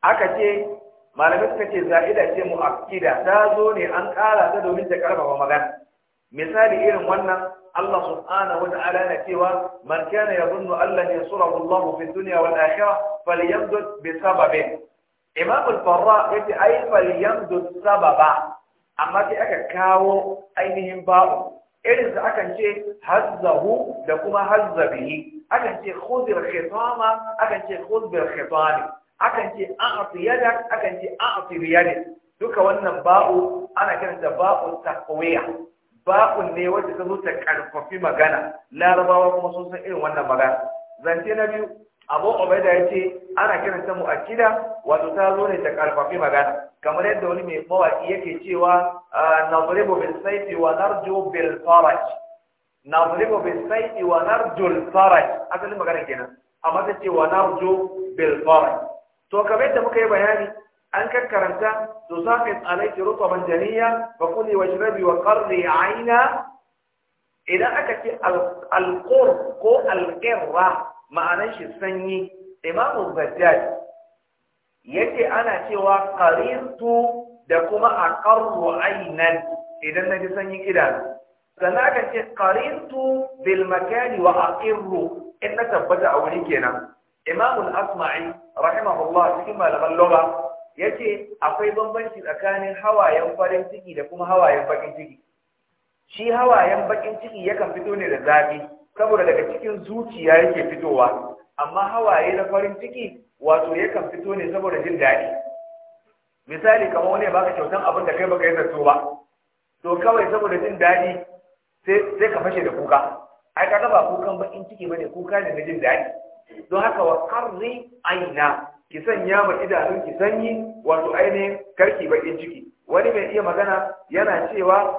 aka ce malamai suka ce za'ida ce mu'akkida ta zo ne an ƙara ta domin ta karfafa magana misali irin wannan Allah subhanahu wata'ala na cewa man kana yadhunnu Allah sura Allah fi dunya wal akhirah falyamdud bi sababin Imam al-Farra yace ai falyamdud sababa amma sai aka kawo ainihin babu irin da akan ce hazzahu da kuma hazzabihi akan ce khudh al-khitama akan ce khudh bil khitami akan ce an afi yada akan ce an afi riyadi duka wannan ba'u ana kiran da ba'u taqwiya ba'u ne wacce ta zo ta karfafi magana larabawa kuma sun san irin wannan magana zance na biyu abu ubaida ya ce ana kiranta mu'akkida wato ta zo ne ta karfafi magana kamar yadda wani mai mawaki yake cewa ah, nadribu bil sayfi wa narju bil faraj nadribu bil sayfi wa narju al faraj asalin magana kenan amma ta ce wa narju bil faraj to kamar yadda muka yi bayani an karkaranta to saqit alayki rutban janiya fa kuli wajrabi wa qarri aina idan aka ce alqur ko alqirra ma'anar shi sanyi imamu bajjaj yace ana cewa qarintu da kuma aqarru aynan idan naji sanyin idanu sannan aka ce qarintu bil makani wa aqirru in na tabbata a wuri kenan al asma'i rahimahullah cikin malaman loba yace akwai bambanci tsakanin hawayen farin ciki da kuma hawayen bakin ciki shi hawayen bakin ciki yakan fito ne da zafi saboda daga cikin zuciya yake fitowa amma hawaye na farin ciki wato yakan fito ne saboda jin daɗi misali kamar wani baka kyautan abin da kai baka yi zato ba to kawai saboda jin daɗi sai ka fashe da kuka ai ka ba kukan bakin ciki bane kuka ne na jin daɗi don haka wa qarri aina ki sanya ma idanun ki sanyi wato ainihin karki bakin ciki wani mai iya magana yana cewa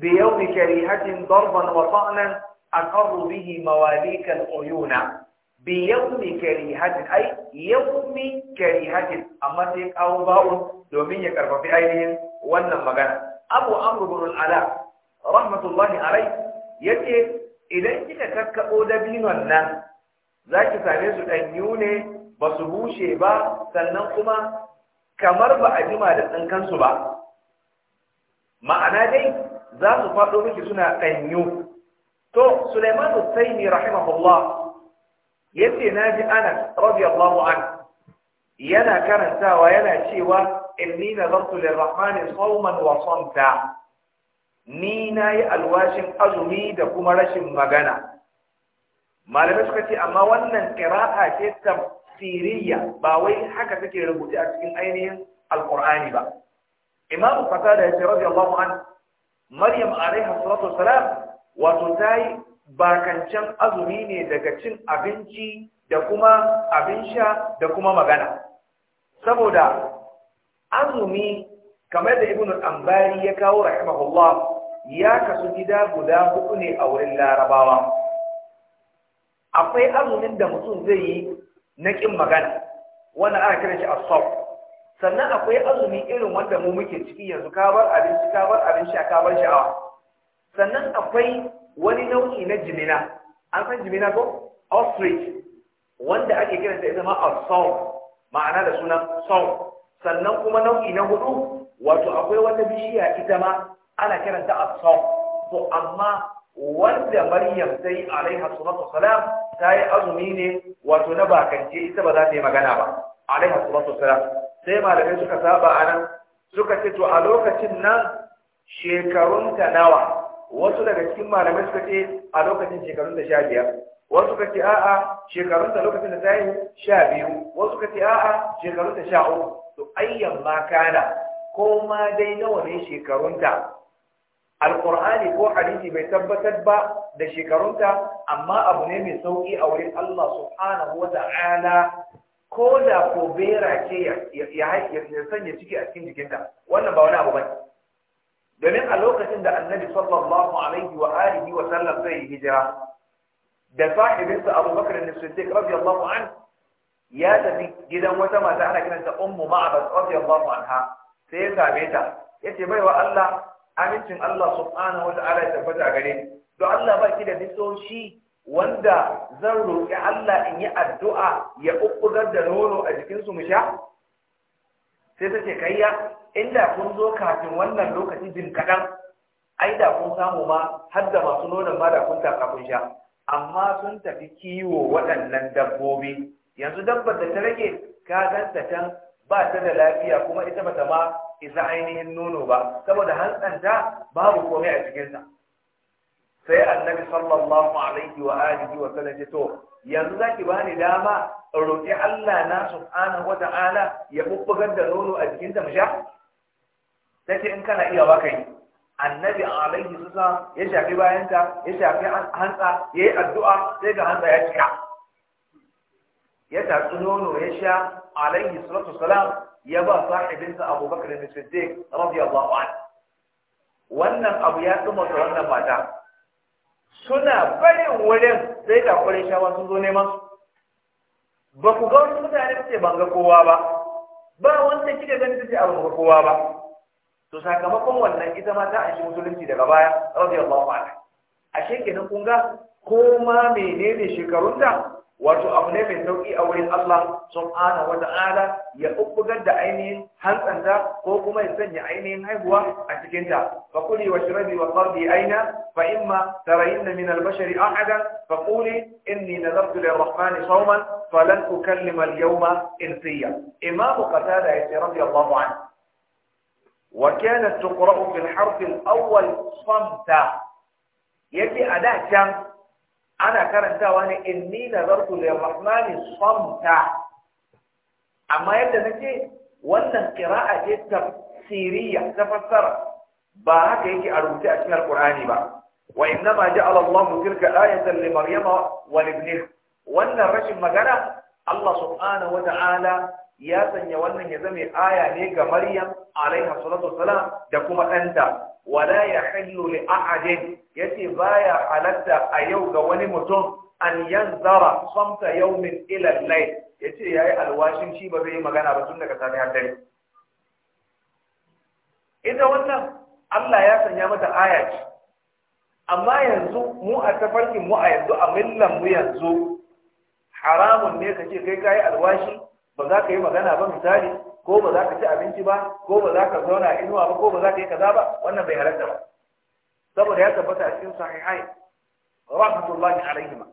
bi yawmi karihatin darban wa a aqarru bihi mawalika al-uyuna bi yawmi karihatin ai yawmi karihatin amma sai kawo ba'u domin ya karfafi ainihin wannan magana abu amru bin al-ala rahmatullahi alai yace idan kika kakkabo dabinon nan za ki same su ɗanyu ne ba su bushe ba sannan kuma kamar ba a jima da tsinkansu ba ma'ana dai za su faɗo miki suna ɗanyu to suleiman husaini rahimahullah ya ce na ji ana radiyallahu an yana karantawa yana cewa inni nazartu lirrahmani sawman wa santa ni nayi alwashin azumi da kuma rashin magana malamai suka ce amma wannan ƙira'a ce tafsiriyya ba wai haka take rubuce a cikin ainihin alkur'ani ba imam qatada ya ce radiyallahu an maryam alaiha salatu wassalam wato tayi bakancan azumi ne daga cin abinci da kuma abin sha da kuma magana saboda azumi kamar da Ibn al-ambari ya kawo rahimahullah ya kasu gida guda hudu ne a wurin larabawa akwai azumin da mutum zai yi na ƙin magana wanda ana kira shi asaf sannan akwai azumi irin wanda mu muke ciki yanzu ka bar abinci ka bar abin ka bar sha'awa sannan akwai wani nau'i na jimina an san jimina ko ostrich wanda ake kira da ita ma ma'ana da sunan saw sannan kuma nau'i na hudu wato akwai wata bishiya ita ma ana kiranta asaf to amma wanda maryam ta yi alaiha salatu salam ta yi azumi ne wato na bakance ita ba za ta yi magana ba alaiha salatu salam sai malamai suka saba a nan suka ce to a lokacin nan shekarunta nawa wasu daga cikin malamai suka ce a lokacin shekarunta sha biyar wasu suka ce a'a shekarun ta lokacin da ta yi sha biyu wasu suka ce a'a shekarun ta sha uku to ayyan ma kana ko ma dai nawa ne shekarunta alkur'ani ko hadisi bai tabbatar ba da shekarunta amma abu ne mai sauki a wurin Allah subhanahu wa ta'ala ko da ko bera ce ya sanya ciki a cikin jikinta wannan ba wani abu ba domin a lokacin da annabi sallallahu alaihi wa alihi wa sallam zai hijira da sahibinsa Abu Bakr as-Siddiq radiyallahu anhu ya tafi gidan wata mata ana kiranta Ummu Ma'bad radiyallahu anha sai ya same ta yace baiwa Allah amincin Allah subhanahu wa ta'ala ya tabbata gare ni don Allah ba ki da nisoshi wanda zan roƙi Allah in yi addu'a ya ƙuƙƙudar da nono a jikinsu mu sha? Sai ta ce, kayya, inda kun zo kafin wannan lokaci jin kaɗan, ai da kun samu ma har da masu nonon ma da kun taka kun sha. Amma sun tafi kiwo waɗannan dabbobi, yanzu dabbar da ta rage ka ganta can ba ta da lafiya kuma ita bata ma isa ainihin nono ba saboda hantsanta babu komai a cikinsa sai annabi sallallahu alaihi wa alihi wa sallam ya to yanzu zaki bani dama in roƙi Allah na subhanahu wa ta'ala ya bubbugar da nono a jikin ta musha sai in kana iya wa kai annabi alaihi sallam ya shafi bayanta ya shafi hantsa yayi addu'a sai ga hantsa ya cika ya tatsu nono ya sha alaihi salatu salam ya ba sahibinsa Bakar da siddiq radiyallahu anhu wannan abu ya tsuma da wannan mata suna barin wurin sai da shawa sun zo neman ba ku ga wasu mutane su ce ban ga kowa ba ba wanda kika gani su ce abu ga kowa ba to sakamakon wannan ita ma ta anshi musulunci daga baya radiyallahu anha ashe kenan kun ga ko ma menene shekarunta wato abu ne mai sauki a wurin Allah subhanahu wa ta'ala ya ubugar da ainihin hantsanta ko kuma ya sanya ainihin haihuwa a cikin ta fa kuli wa shrabi wa qardi aina fa imma tarayna min al-bashari ahadan fa quli inni nadartu lir-rahman sawman falan ukallima al-yawma insiya imam qatada ya rabbi Allah an wa kanat tuqra'u bil harf al-awwal samta yaji ada ana karantawa ne inni nazartu lirrahmani samta amma yadda nace wannan qira'a ce tafsiriya ta fassara ba haka yake a rubuce a cikin alqur'ani ba wa inna ma ja'ala Allahu tilka ayatan li maryama wa li wannan rashin magana Allah subhanahu wa ta'ala ya sanya wannan ya zame aya ne ga Maryam alaiha salatu wassalam da kuma ɗanta wala yahillu li ahadin yace baya halarta a yau ga wani mutum an yanzara samta yawmin ila al-layl yace yayi alwashin shi ba zai yi magana ba tun daga safe har dare ita wannan Allah ya sanya mata aya ce amma yanzu mu a tafarkin mu a yanzu a millan mu yanzu haramun ne kace kai kai alwashi ba za ka yi magana ba misali ko ba za ka ci abinci ba ko ba za ka zauna a inuwa ba ko ba za ka yi kaza ba wannan bai halatta ba saboda ya tabbata a cikin sahihai rahmatullahi ma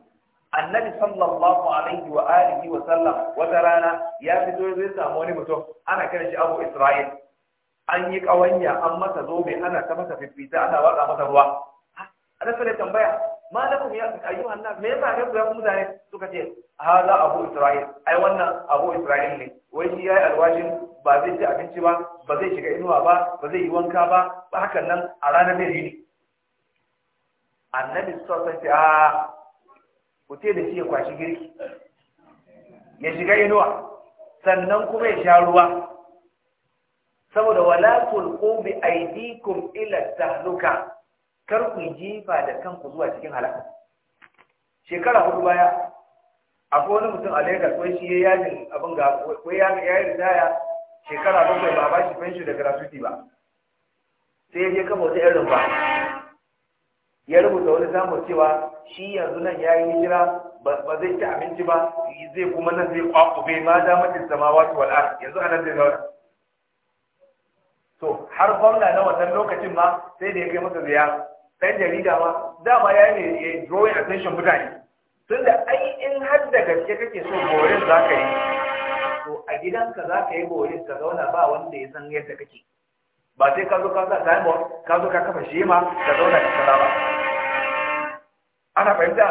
annabi sallallahu alaihi wa alihi wa sallam wata rana ya fito ya zai samu wani mutum ana kira shi abu isra'il an yi kawanya an masa zobe ana ta masa fifita ana watsa masa ruwa ana sai tambaya malakum ya ayyuha nas me yasa ka ga mutane suka ce hada abu isra'il ai wannan abu isra'il ne wai shi yayi alwashin ba zai ci abinci ba ba zai shiga inuwa ba ba zai yi wanka ba ba hakan nan a ranar bai ne annabi sallallahu alaihi wasallam ku ce da shi ya kwashi girki ya shiga inuwa sannan kuma ya sha ruwa saboda wala tulqu bi aydikum ila tahluka kar ku jifa da kanku zuwa cikin halaka shekara hudu baya akwai wani mutum a Lagos wai shi yayi yajin abin ga wai ya yi ritaya shekara bakwai ba ba shi fenshi da gratuity ba sai ya je kafa wata yan rumfa ya rubuta wani zamu cewa shi yanzu nan ya yi hijira ba zai ci abinci ba zai kuma nan zai bai ma da mace zama wato ard yanzu anan zai zauna to har gwamna na wannan lokacin ma sai da ya kai masa ziyara dan jarida ma dama ya ne drawing attention mutane tun da ai in har da gaske kake so borin za ka yi to a gidanka za ka yi borin ka zauna ba wanda ya san yadda kake ba sai ka zo ka sa timer ka zo ka kafa shema ka zauna ka kaza ba ana fahimta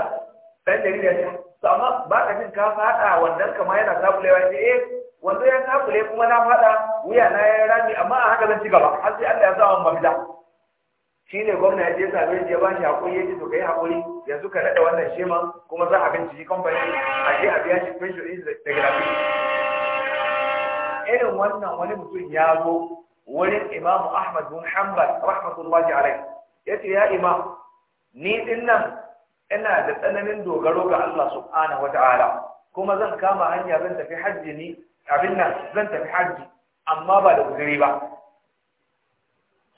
dan jarida ce to amma ba ka jin ka faɗa wannan kama yana sabulewa ce eh wanda ya sabule kuma na faɗa wuya na ya rami amma a haka zan ci gaba har sai Allah ya sa mabida shi ne gwamna ya je same shi ya ba shi hakuri ya ce to kai hakuri yanzu ka nada wannan shema kuma za a binciki kamfani a je a biya shi pension din da irin wannan wani mutum ya zo wurin Imam Ahmad bin Hanbal rahmatullahi alaihi yace ya imam ni din nan ina da tsananin dogaro ga Allah subhanahu ta'ala. kuma zan kama hanya zan tafi hajji ni abin nan zan tafi hajji amma ba da guzuri ba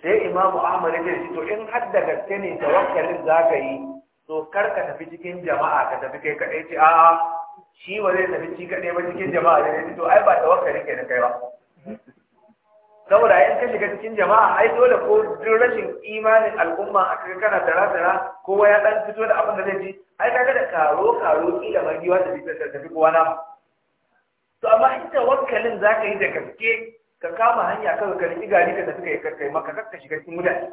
sai imamu ahmad ya ce to in har da gaske ne tawakkalin za ka yi to kar ka tafi cikin jama'a ka tafi kai kaɗai ce a'a shi ba zai tafi ci kaɗai ba cikin jama'a ne to ai ba tawakkalin ke na kai ba saboda in ka shiga cikin jama'a ai dole ko duk rashin imanin al'umma a kai kana tara tara kowa ya dan fito da abin da zai ji ai ka da karo karo da magiwa da bi da tafi kowa na to amma in za zaka yi da gaske ka kama hanya kawai ka riƙi gari ka tafi ka yi karkai maka kakka shiga cikin mutane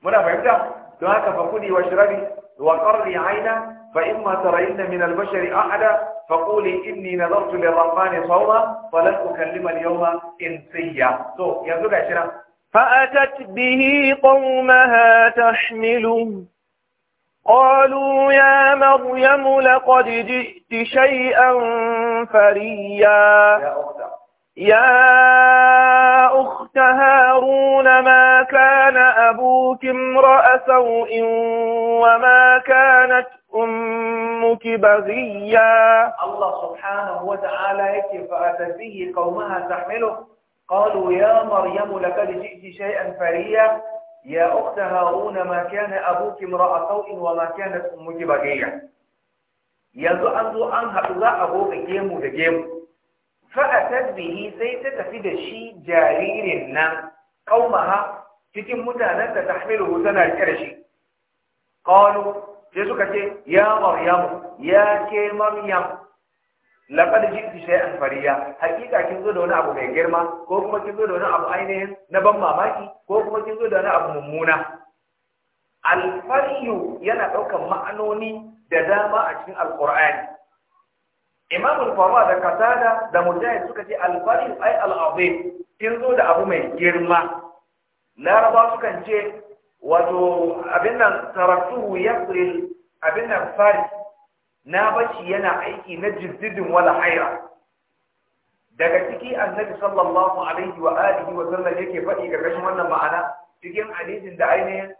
muna fahimta don haka fa kudi wa shirabi wa qarri aina fa imma tarayna min al-bashar ahada fa quli inni nadartu lir-rahman sawma falan ukallima al-yawma insiya to yanzu ga shirin فأتت به قومها تحمله قالوا يا مريم لقد جئت شيئا فريا يا أخت هارون ما كان أبوك امرأ سوء وما كانت أمك بغيا الله سبحانه وتعالى يكفى فأتت به قومها تحمله قالوا يا مريم لقد جئت شيئا فريا يا أخت هارون ما كان أبوك امرأ سوء وما كانت أمك بغيا yanzu an zo an haɗu za Faɗa bihi sai ta tafi da shi jaririn nan Ƙaumaha cikin mutanen da tahmiluhu tana rike da shi qalu sai suka ce ya maryam ya ke maryam laqad jiti shay'an fariya hakika kin zo da wani abu mai girma ko kuma kin zo da wani abu ainihin na ban mamaki ko kuma kin zo da wani abu mummuna alfariyu yana ɗaukar ma'anoni da dama a cikin Alƙur'ani. imamul fara da katada da mujahid suka ce alfari ai al'azim in zo da abu mai girma laraba sukan ce wato abin nan taraktuhu yasril abin nan fari na bashi yana aiki na jiddidin wala haira daga ciki annabi sallallahu alaihi wa alihi wa sallam yake faɗi gargashin wannan ma'ana cikin hadisin da ainihin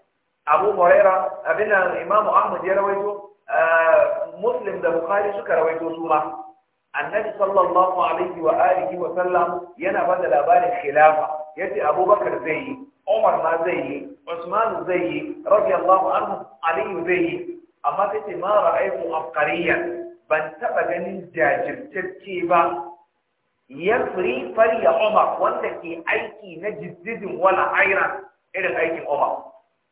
Abu muraira, abin nan Imam Ahmad ya rawaito muslim da bukhari suka rawaito suna. annabi sallallahu alaihi wa alihi wa sallam yana bada labarin khilafa yace abubakar zai yi umar ma zai yi usman zai yi radiyallahu anhu ali zai yi amma kace ma ra'aytu afqariyan ban taba ganin jajirtacce ba yafri fari ya umar wanda ke aiki na jiddidin wala aira irin aikin umar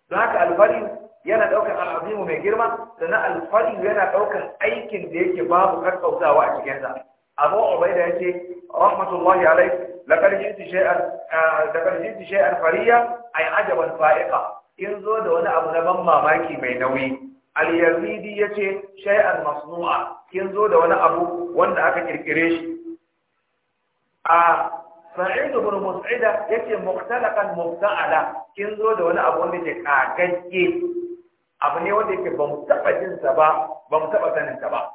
don haka alfari yana ɗaukar al'azimu mai girma sannan alfari yana ɗaukar aikin da yake babu karkautawa a cikinsa abu ubaida ya rahmatullahi alai lakar jinsi shay'an fariya ay ajaban fa'iqa in zo da wani abu na ban mamaki mai nauyi al-yazidi ya shay'an masnu'a kin zo da wani abu wanda aka kirkire shi a sa'id ibn mus'ida yace mukhtalaqan mubta'ala kin zo da wani abu wanda ke kagagge abu ne wanda yake ba mu jin sa ba ba mu taɓa sanin sa ba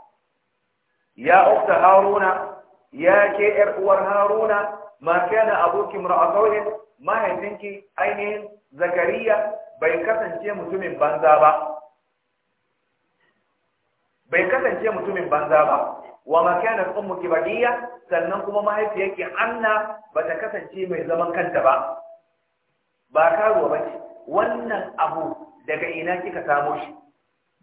ya ukta haruna ya ke yar uwar haruna ma kana abuki mar'atawin mahaifinki ainihin zakariya bai kasance mutumin banza ba bai kasance mutumin banza ba wa ma kana ummuki sannan kuma mahaifiyarki anna ta kasance mai zaman kanta ba ba karuwa bace wannan abu daga ina kika samu shi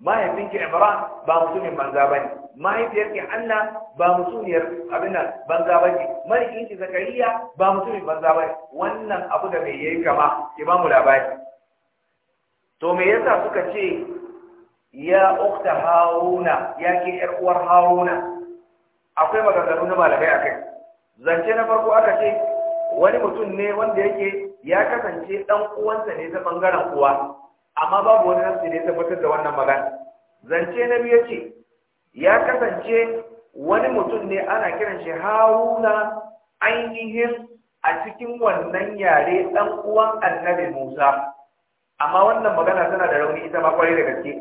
mahaifinki imran ba mutumin banza bane mahaifiyarki hanna ba mutumiyar abin nan banza bane malikinki zakariya ba mutumin banza bane wannan abu da bai yayi kama ki ba mu labari to me yasa suka ce ya ukhta haruna ya ke yar uwar haruna akwai maganganu na malamai akai zance na farko aka ce wani mutum ne wanda yake ya kasance dan uwansa ne ta bangaren uwa amma babu wani nasi da ya tabbatar da wannan magana zance na biyu ce ya kasance wani mutum ne ana kiran shi haruna ainihin a cikin wannan yare ɗan uwan annabi musa amma wannan magana tana da rauni ita ma kwarai da gaske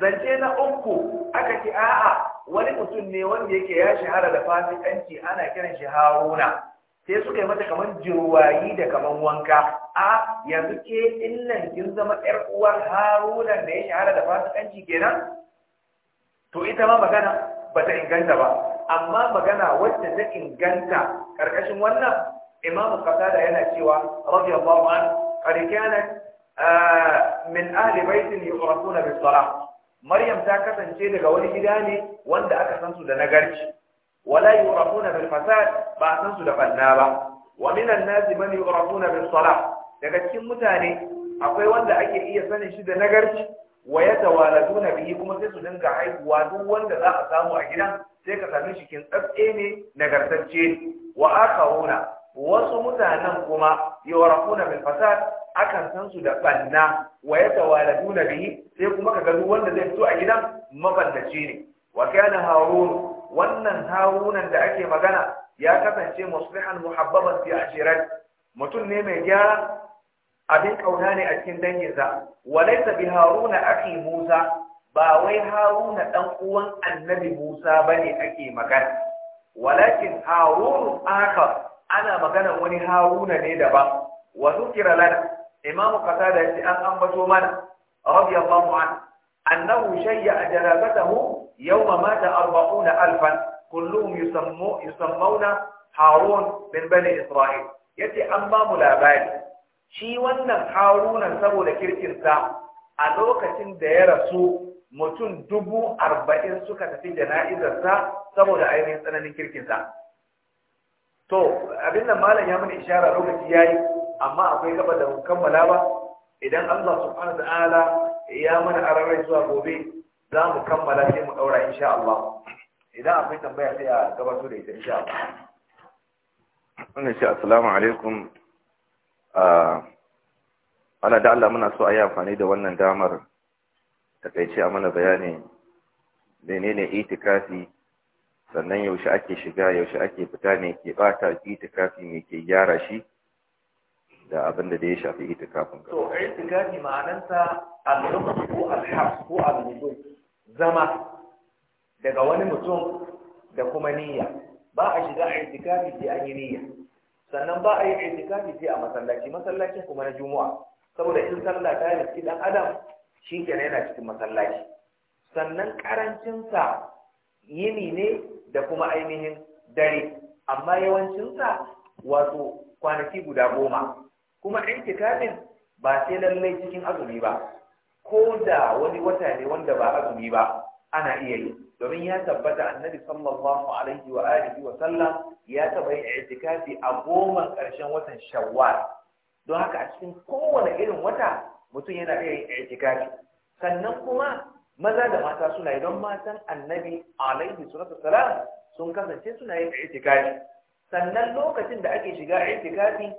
zance na uku aka ce a'a wani mutum ne wanda yake ya shahara da fasikanci ana kiran shi haruna sai suka yi mata kaman jirwayi da kaman wanka a yanzu ke illan kin zama yar uwar haruna da ya shahara da fasikanci kenan to ita ma magana ba ta inganta ba amma magana wacce ta inganta karkashin wannan imamu da yana cewa radiyallahu anhu قد min ahli baitin yu'rafuna bis salah maryam ta kasance daga wani gida ne wanda aka san su da nagarci wala yurafuna bil fasad ba san su da banna ba wa minan nasi man yurafuna bis salah daga cikin mutane akwai wanda ake iya sanin shi da nagarci wa yatawaladuna bihi kuma sai su dinga haihuwa duk wanda za a samu a gidan sai ka sami shi kin tsatse ne nagartacce wa akawuna wasu mutanen kuma yurafuna bil fasad akan san su da banna wa yatawaladuna bihi sai kuma ka ga duk wanda zai fito a gidan mabandaci ne wa kana harun wannan harunan da ake magana ya kasance muslihan muhabbaban fi ashirat mutum ne mai gyara abin kauna ne a cikin danginsa ta bi haruna akhi musa ba wai haruna ɗan uwan annabi musa bane ake magana walakin harun akhar ana magana wani haruna ne daban Wasu zukira Imamu imamu da shi an ambato mana radiyallahu anhu annahu shayya jalabatahu يوم مات أربعون ألفا كلهم يسمو يسمون هارون من بني إسرائيل يتي أما Shi شي ونن هارون سبو a سا da ya رسو mutum dubu arba'in suka tafi jana'izarsa saboda ainihin tsananin kirkinsa to abin nan malam ya mana ishara lokaci yayi amma akwai gaba da kammala ba idan Allah subhanahu wa ta'ala ya mana ararai zuwa gobe za mu kammala sai mu ɗaura insha Allah idan akwai tambaya sai a gabatar da ita insha Allah wannan shi assalamu alaikum ana da Allah muna so a yi amfani da wannan damar takaice a mana bayani menene itikafi sannan yaushe ake shiga yaushe ake fita ne ke bata itikafi ne ke gyara shi da abin da ya shafi itikafin ka. To, itikafi ma'ananta al ko al-hafs ko al-wudu zama daga wani mutum da kuma niyya ba a shiga a itikafi sai an yi niyya sannan ba a yi itikafi sai a masallaci masallacin kuma na juma'a saboda in sallah ta riski dan adam shi kenan yana cikin masallaci sannan karancinsa yini ne da kuma ainihin dare amma yawancinsa wato kwanaki guda goma kuma itikafin ba sai lallai cikin azumi ba ko da wani wata ne wanda ba azumi ba ana iya yi domin ya tabbata annabi sallallahu alaihi wa alihi wa sallam ya taba yin i'tikafi a goma karshen watan shawwal don haka a cikin kowane irin wata mutum yana iya yin i'tikafi sannan kuma maza da mata suna yi don matan annabi alaihi salatu salam sun kasance suna yin i'tikafi sannan lokacin da ake shiga i'tikafi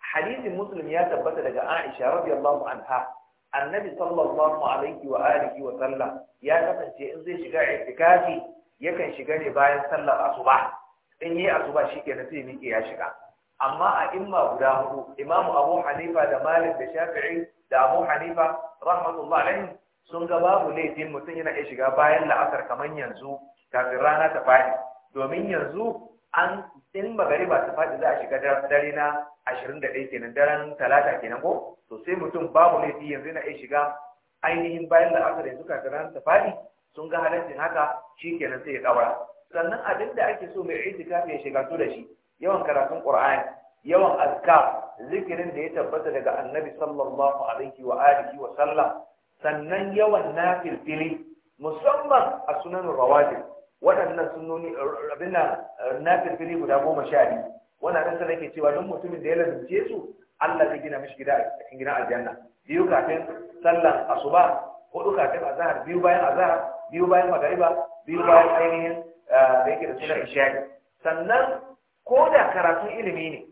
hadisin muslim ya tabbata daga aisha radiyallahu anha annabi sallallahu alaihi wa alihi wa sallam ya kasance in zai shiga itikafi yakan shiga ne bayan sallar asuba in yi asuba shikenan sai miƙe ya shiga amma a imma guda hudu imamu abu hanifa da malik da shafi'i da abu hanifa rahmatullah alaihi sun ga babu laifin mutum yana iya shiga bayan la'asar kamar yanzu kafin rana ta fadi, domin yanzu an in ba ta faɗi za a shiga dare na ashirin da ɗaya kenan daren talata kenan ko to sai mutum babu laifi yanzu na iya shiga ainihin bayan da aka yanzu ka ranar ta faɗi sun ga halaccin haka shi kenan sai ya ƙaura sannan abin da ake so mai itikafi ya shiga su da shi yawan karatun qur'ani yawan aska, zikirin da ya tabbata daga annabi sallallahu alaihi wa alihi wa sallam sannan yawan nafilfili musamman a sunan rawatib waɗannan sunnoni abin na eh, firfiri guda goma sha biyu wannan ɗan sanar ke cewa don mutumin da ya lalace su Allah zai gina mishi gida a cikin gidan aljanna biyu kafin sallan asuba hudu kafin azahar biyu bayan azahar biyu bayan magariba biyu bayan ainihin eh, da yake da sunan ishari sannan ko da karatun ilimi ne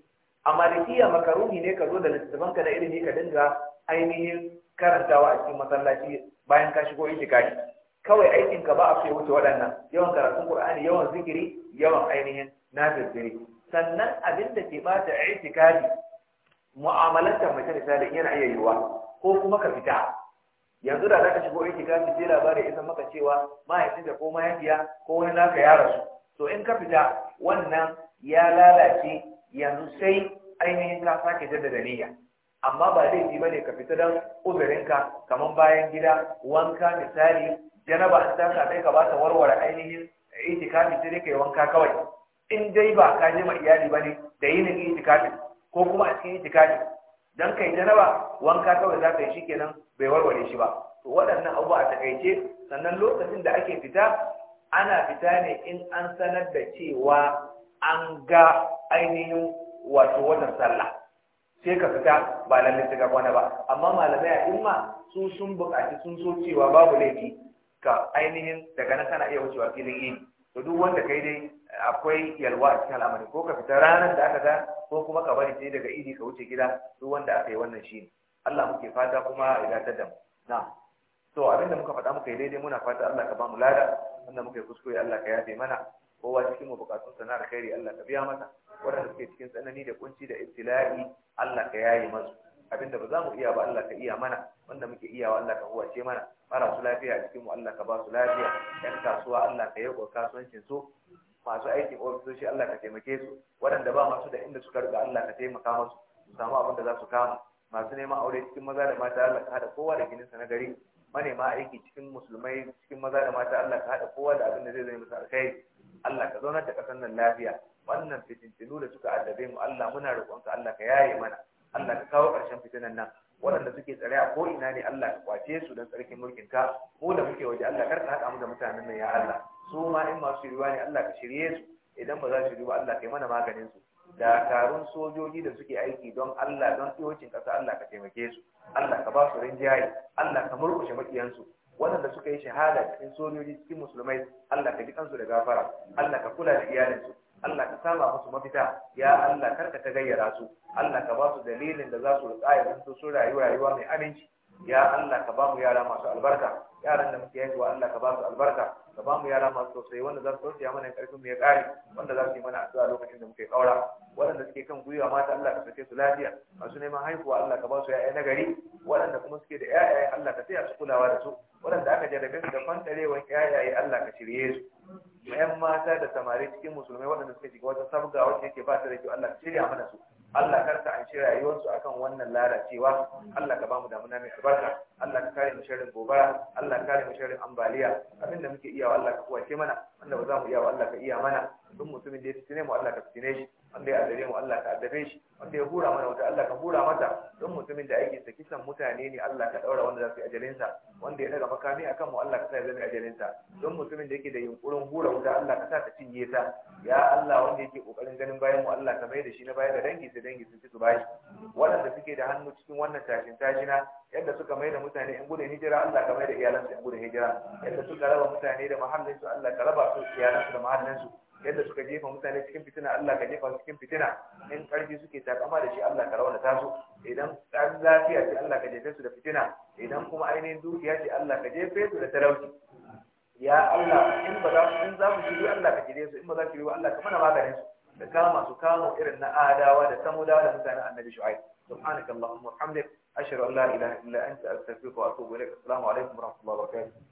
a iya makaruni ne ka zo da littattafanka da ilimi ka dinga ainihin karantawa a cikin masallaci bayan ka shigo itikafi kawai aikin ka ba a fi wuce waɗannan yawan karatun qur'ani yawan zikiri yawan ainihin nafilfiri sannan abin da ke bata itikadi mu'amalanta mace da talin yana iya yiwuwa ko kuma ka fita yanzu da zaka shigo itikafi sai labarin isan maka cewa da ko mahaifiya ko wani naka ya rasu to in ka fita wannan ya lalace yanzu sai ainihin ka sake jaddada niyya amma ba zai yi bane ka fita don uzurinka kamar bayan gida wanka misali janaba ta ka sai ka ba ta warware ainihin itikafi sai kai wanka kawai in dai ba ka je ma iyali bane da yin itikafi ko kuma a cikin itikafi dan kai janaba wanka kawai za ka yi shikenan bai warware shi ba to waɗannan abu a takaice sannan lokacin da ake fita ana fita ne in an sanar da cewa an ga ainihin wato wannan sallah sai ka fita ba lallai ta kwana ba amma malamai a imma su sun buƙaci sun so cewa babu laifi ka ainihin daga nan kana iya wucewa filin yi to duk wanda kai dai akwai yalwa a cikin al'amari ko ka fita ranar da aka ga ko kuma ka bari sai daga idi ka wuce gida duk wanda aka yi wannan shi ne Allah muke fata kuma ya dace da mu to abinda muka faɗa muka yi daidai muna fata Allah ka ba mu lada wanda muka yi kuskure Allah ka yafe mana kowa cikin mu bukatun sana da kairi Allah ka biya mata wanda suke cikin tsanani da kunci da ibtila'i Allah ka yaye masu abinda ba za mu iya ba Allah ka iya mana wanda muke iya wa Allah ka huwace mana marasu lafiya a cikin mu Allah ka ba su lafiya yan kasuwa Allah ka yauka kasuwancin su masu aikin ofisoshi Allah ka taimake su waɗanda ba masu da inda suka riga Allah ka taimaka musu su samu abin da za su kama masu neman aure cikin maza da mata Allah ka haɗa kowa da ginin sa na gari manema aiki cikin musulmai cikin maza da mata Allah ka haɗa kowa da abin da zai zai musu alkhairi Allah ka zaunar da ƙasar nan lafiya wannan fitintinu da suka addabe mu Allah muna roƙonka Allah ka yaye mana Allah ka kawo ƙarshen fitinan nan waɗanda suke tsare a ko'ina ne Allah ka kwace su don tsarkin mulkin ka mu da muke waje Allah kar ka haɗa mu da mutanen nan ya Allah su ma in masu shiriwa ne Allah ka shirye su idan ba za su shiryu Allah ka yi mana maganin su da karun sojoji da suke aiki don Allah don tsohocin ƙasa Allah ka taimake su Allah ka ba su rinjaye Allah ka murƙushe maƙiyansu waɗanda suka yi shahada cikin sojoji cikin musulmai Allah ka ji kansu da gafara Allah ka kula da iyalinsu Allah ka saba musu mafita ya Allah karka ta gayyara su Allah ka ba su dalilin da za su rika ya sun rayuwa rayuwa mai aminci ya Allah ka ba mu yara masu albarka yaran da muke yankewa Allah ka ba su albarka ka ba mu yara masu tausayi wanda za su tausaya mana karfin mu ya kare wanda za su yi mana addu'a lokacin da muke kaura waɗanda suke kan gwiwa mata Allah ka sake su lafiya masu neman haihuwa Allah ka ba su ya'ya nagari, waɗanda kuma suke da ya'ya Allah ka taya su kulawa da su waɗanda aka jarrabe su da fantarewan ya'ya Allah ka shirye su yan mata da samari cikin musulmai waɗanda suke shiga wata sabga wacce yake ba ta da kyau Allah ka shirya mana su Allah ka an ce rayuwarsu akan wannan lalacewa Allah ka mu damuna mai albarka Allah ka kare mu sharrin gobara Allah ka kare mu sharrin ambaliya abin da muke iyawa Allah ka kuwace mana wanda ba za mu wa Allah ka iya mana duk mutumin da ya fitine mu Allah ka fitine shi wanda ya adare mu Allah ka adare shi wanda ya hura mana wata Allah ka hura mata don mutumin da aikinsa kisan mutane ne Allah ka daura wanda za su yi ajalinsa wanda ya daga makami akan mu Allah ka sa ya zama ajalinsa don mutumin da yake da yunkurin hura wuta Allah ka sa ta cinye ta ya Allah wanda yake kokarin ganin bayan mu Allah ka maida shi na baya da dangi su dangi sun ci su bashi waɗanda suke da hannu cikin wannan tashin tashina yadda suka maida mutane in gudun hijira Allah ka maida iyalansu in gudun hijira yadda suka raba mutane da su Allah ka raba su iyalansu da su yadda suka jefa mutane cikin fitina Allah ka jefa cikin fitina in karfi suke takama da shi Allah ka raunata su idan tsarin lafiya ce Allah ka jefe su da fitina idan kuma ainihin dukiya ce Allah ka jefe su da talauci ya Allah in ba za su in za mu shiri Allah ka jire su in ba za su yi Allah ka mana maganin su da kama su kama irin na adawa da samudawa da mutanen annabi shu'aib subhanakallahumma wa hamdik ashhadu an la ilaha illa anta astaghfiruka wa atubu ilaik assalamu alaikum wa rahmatullahi wa barakatuh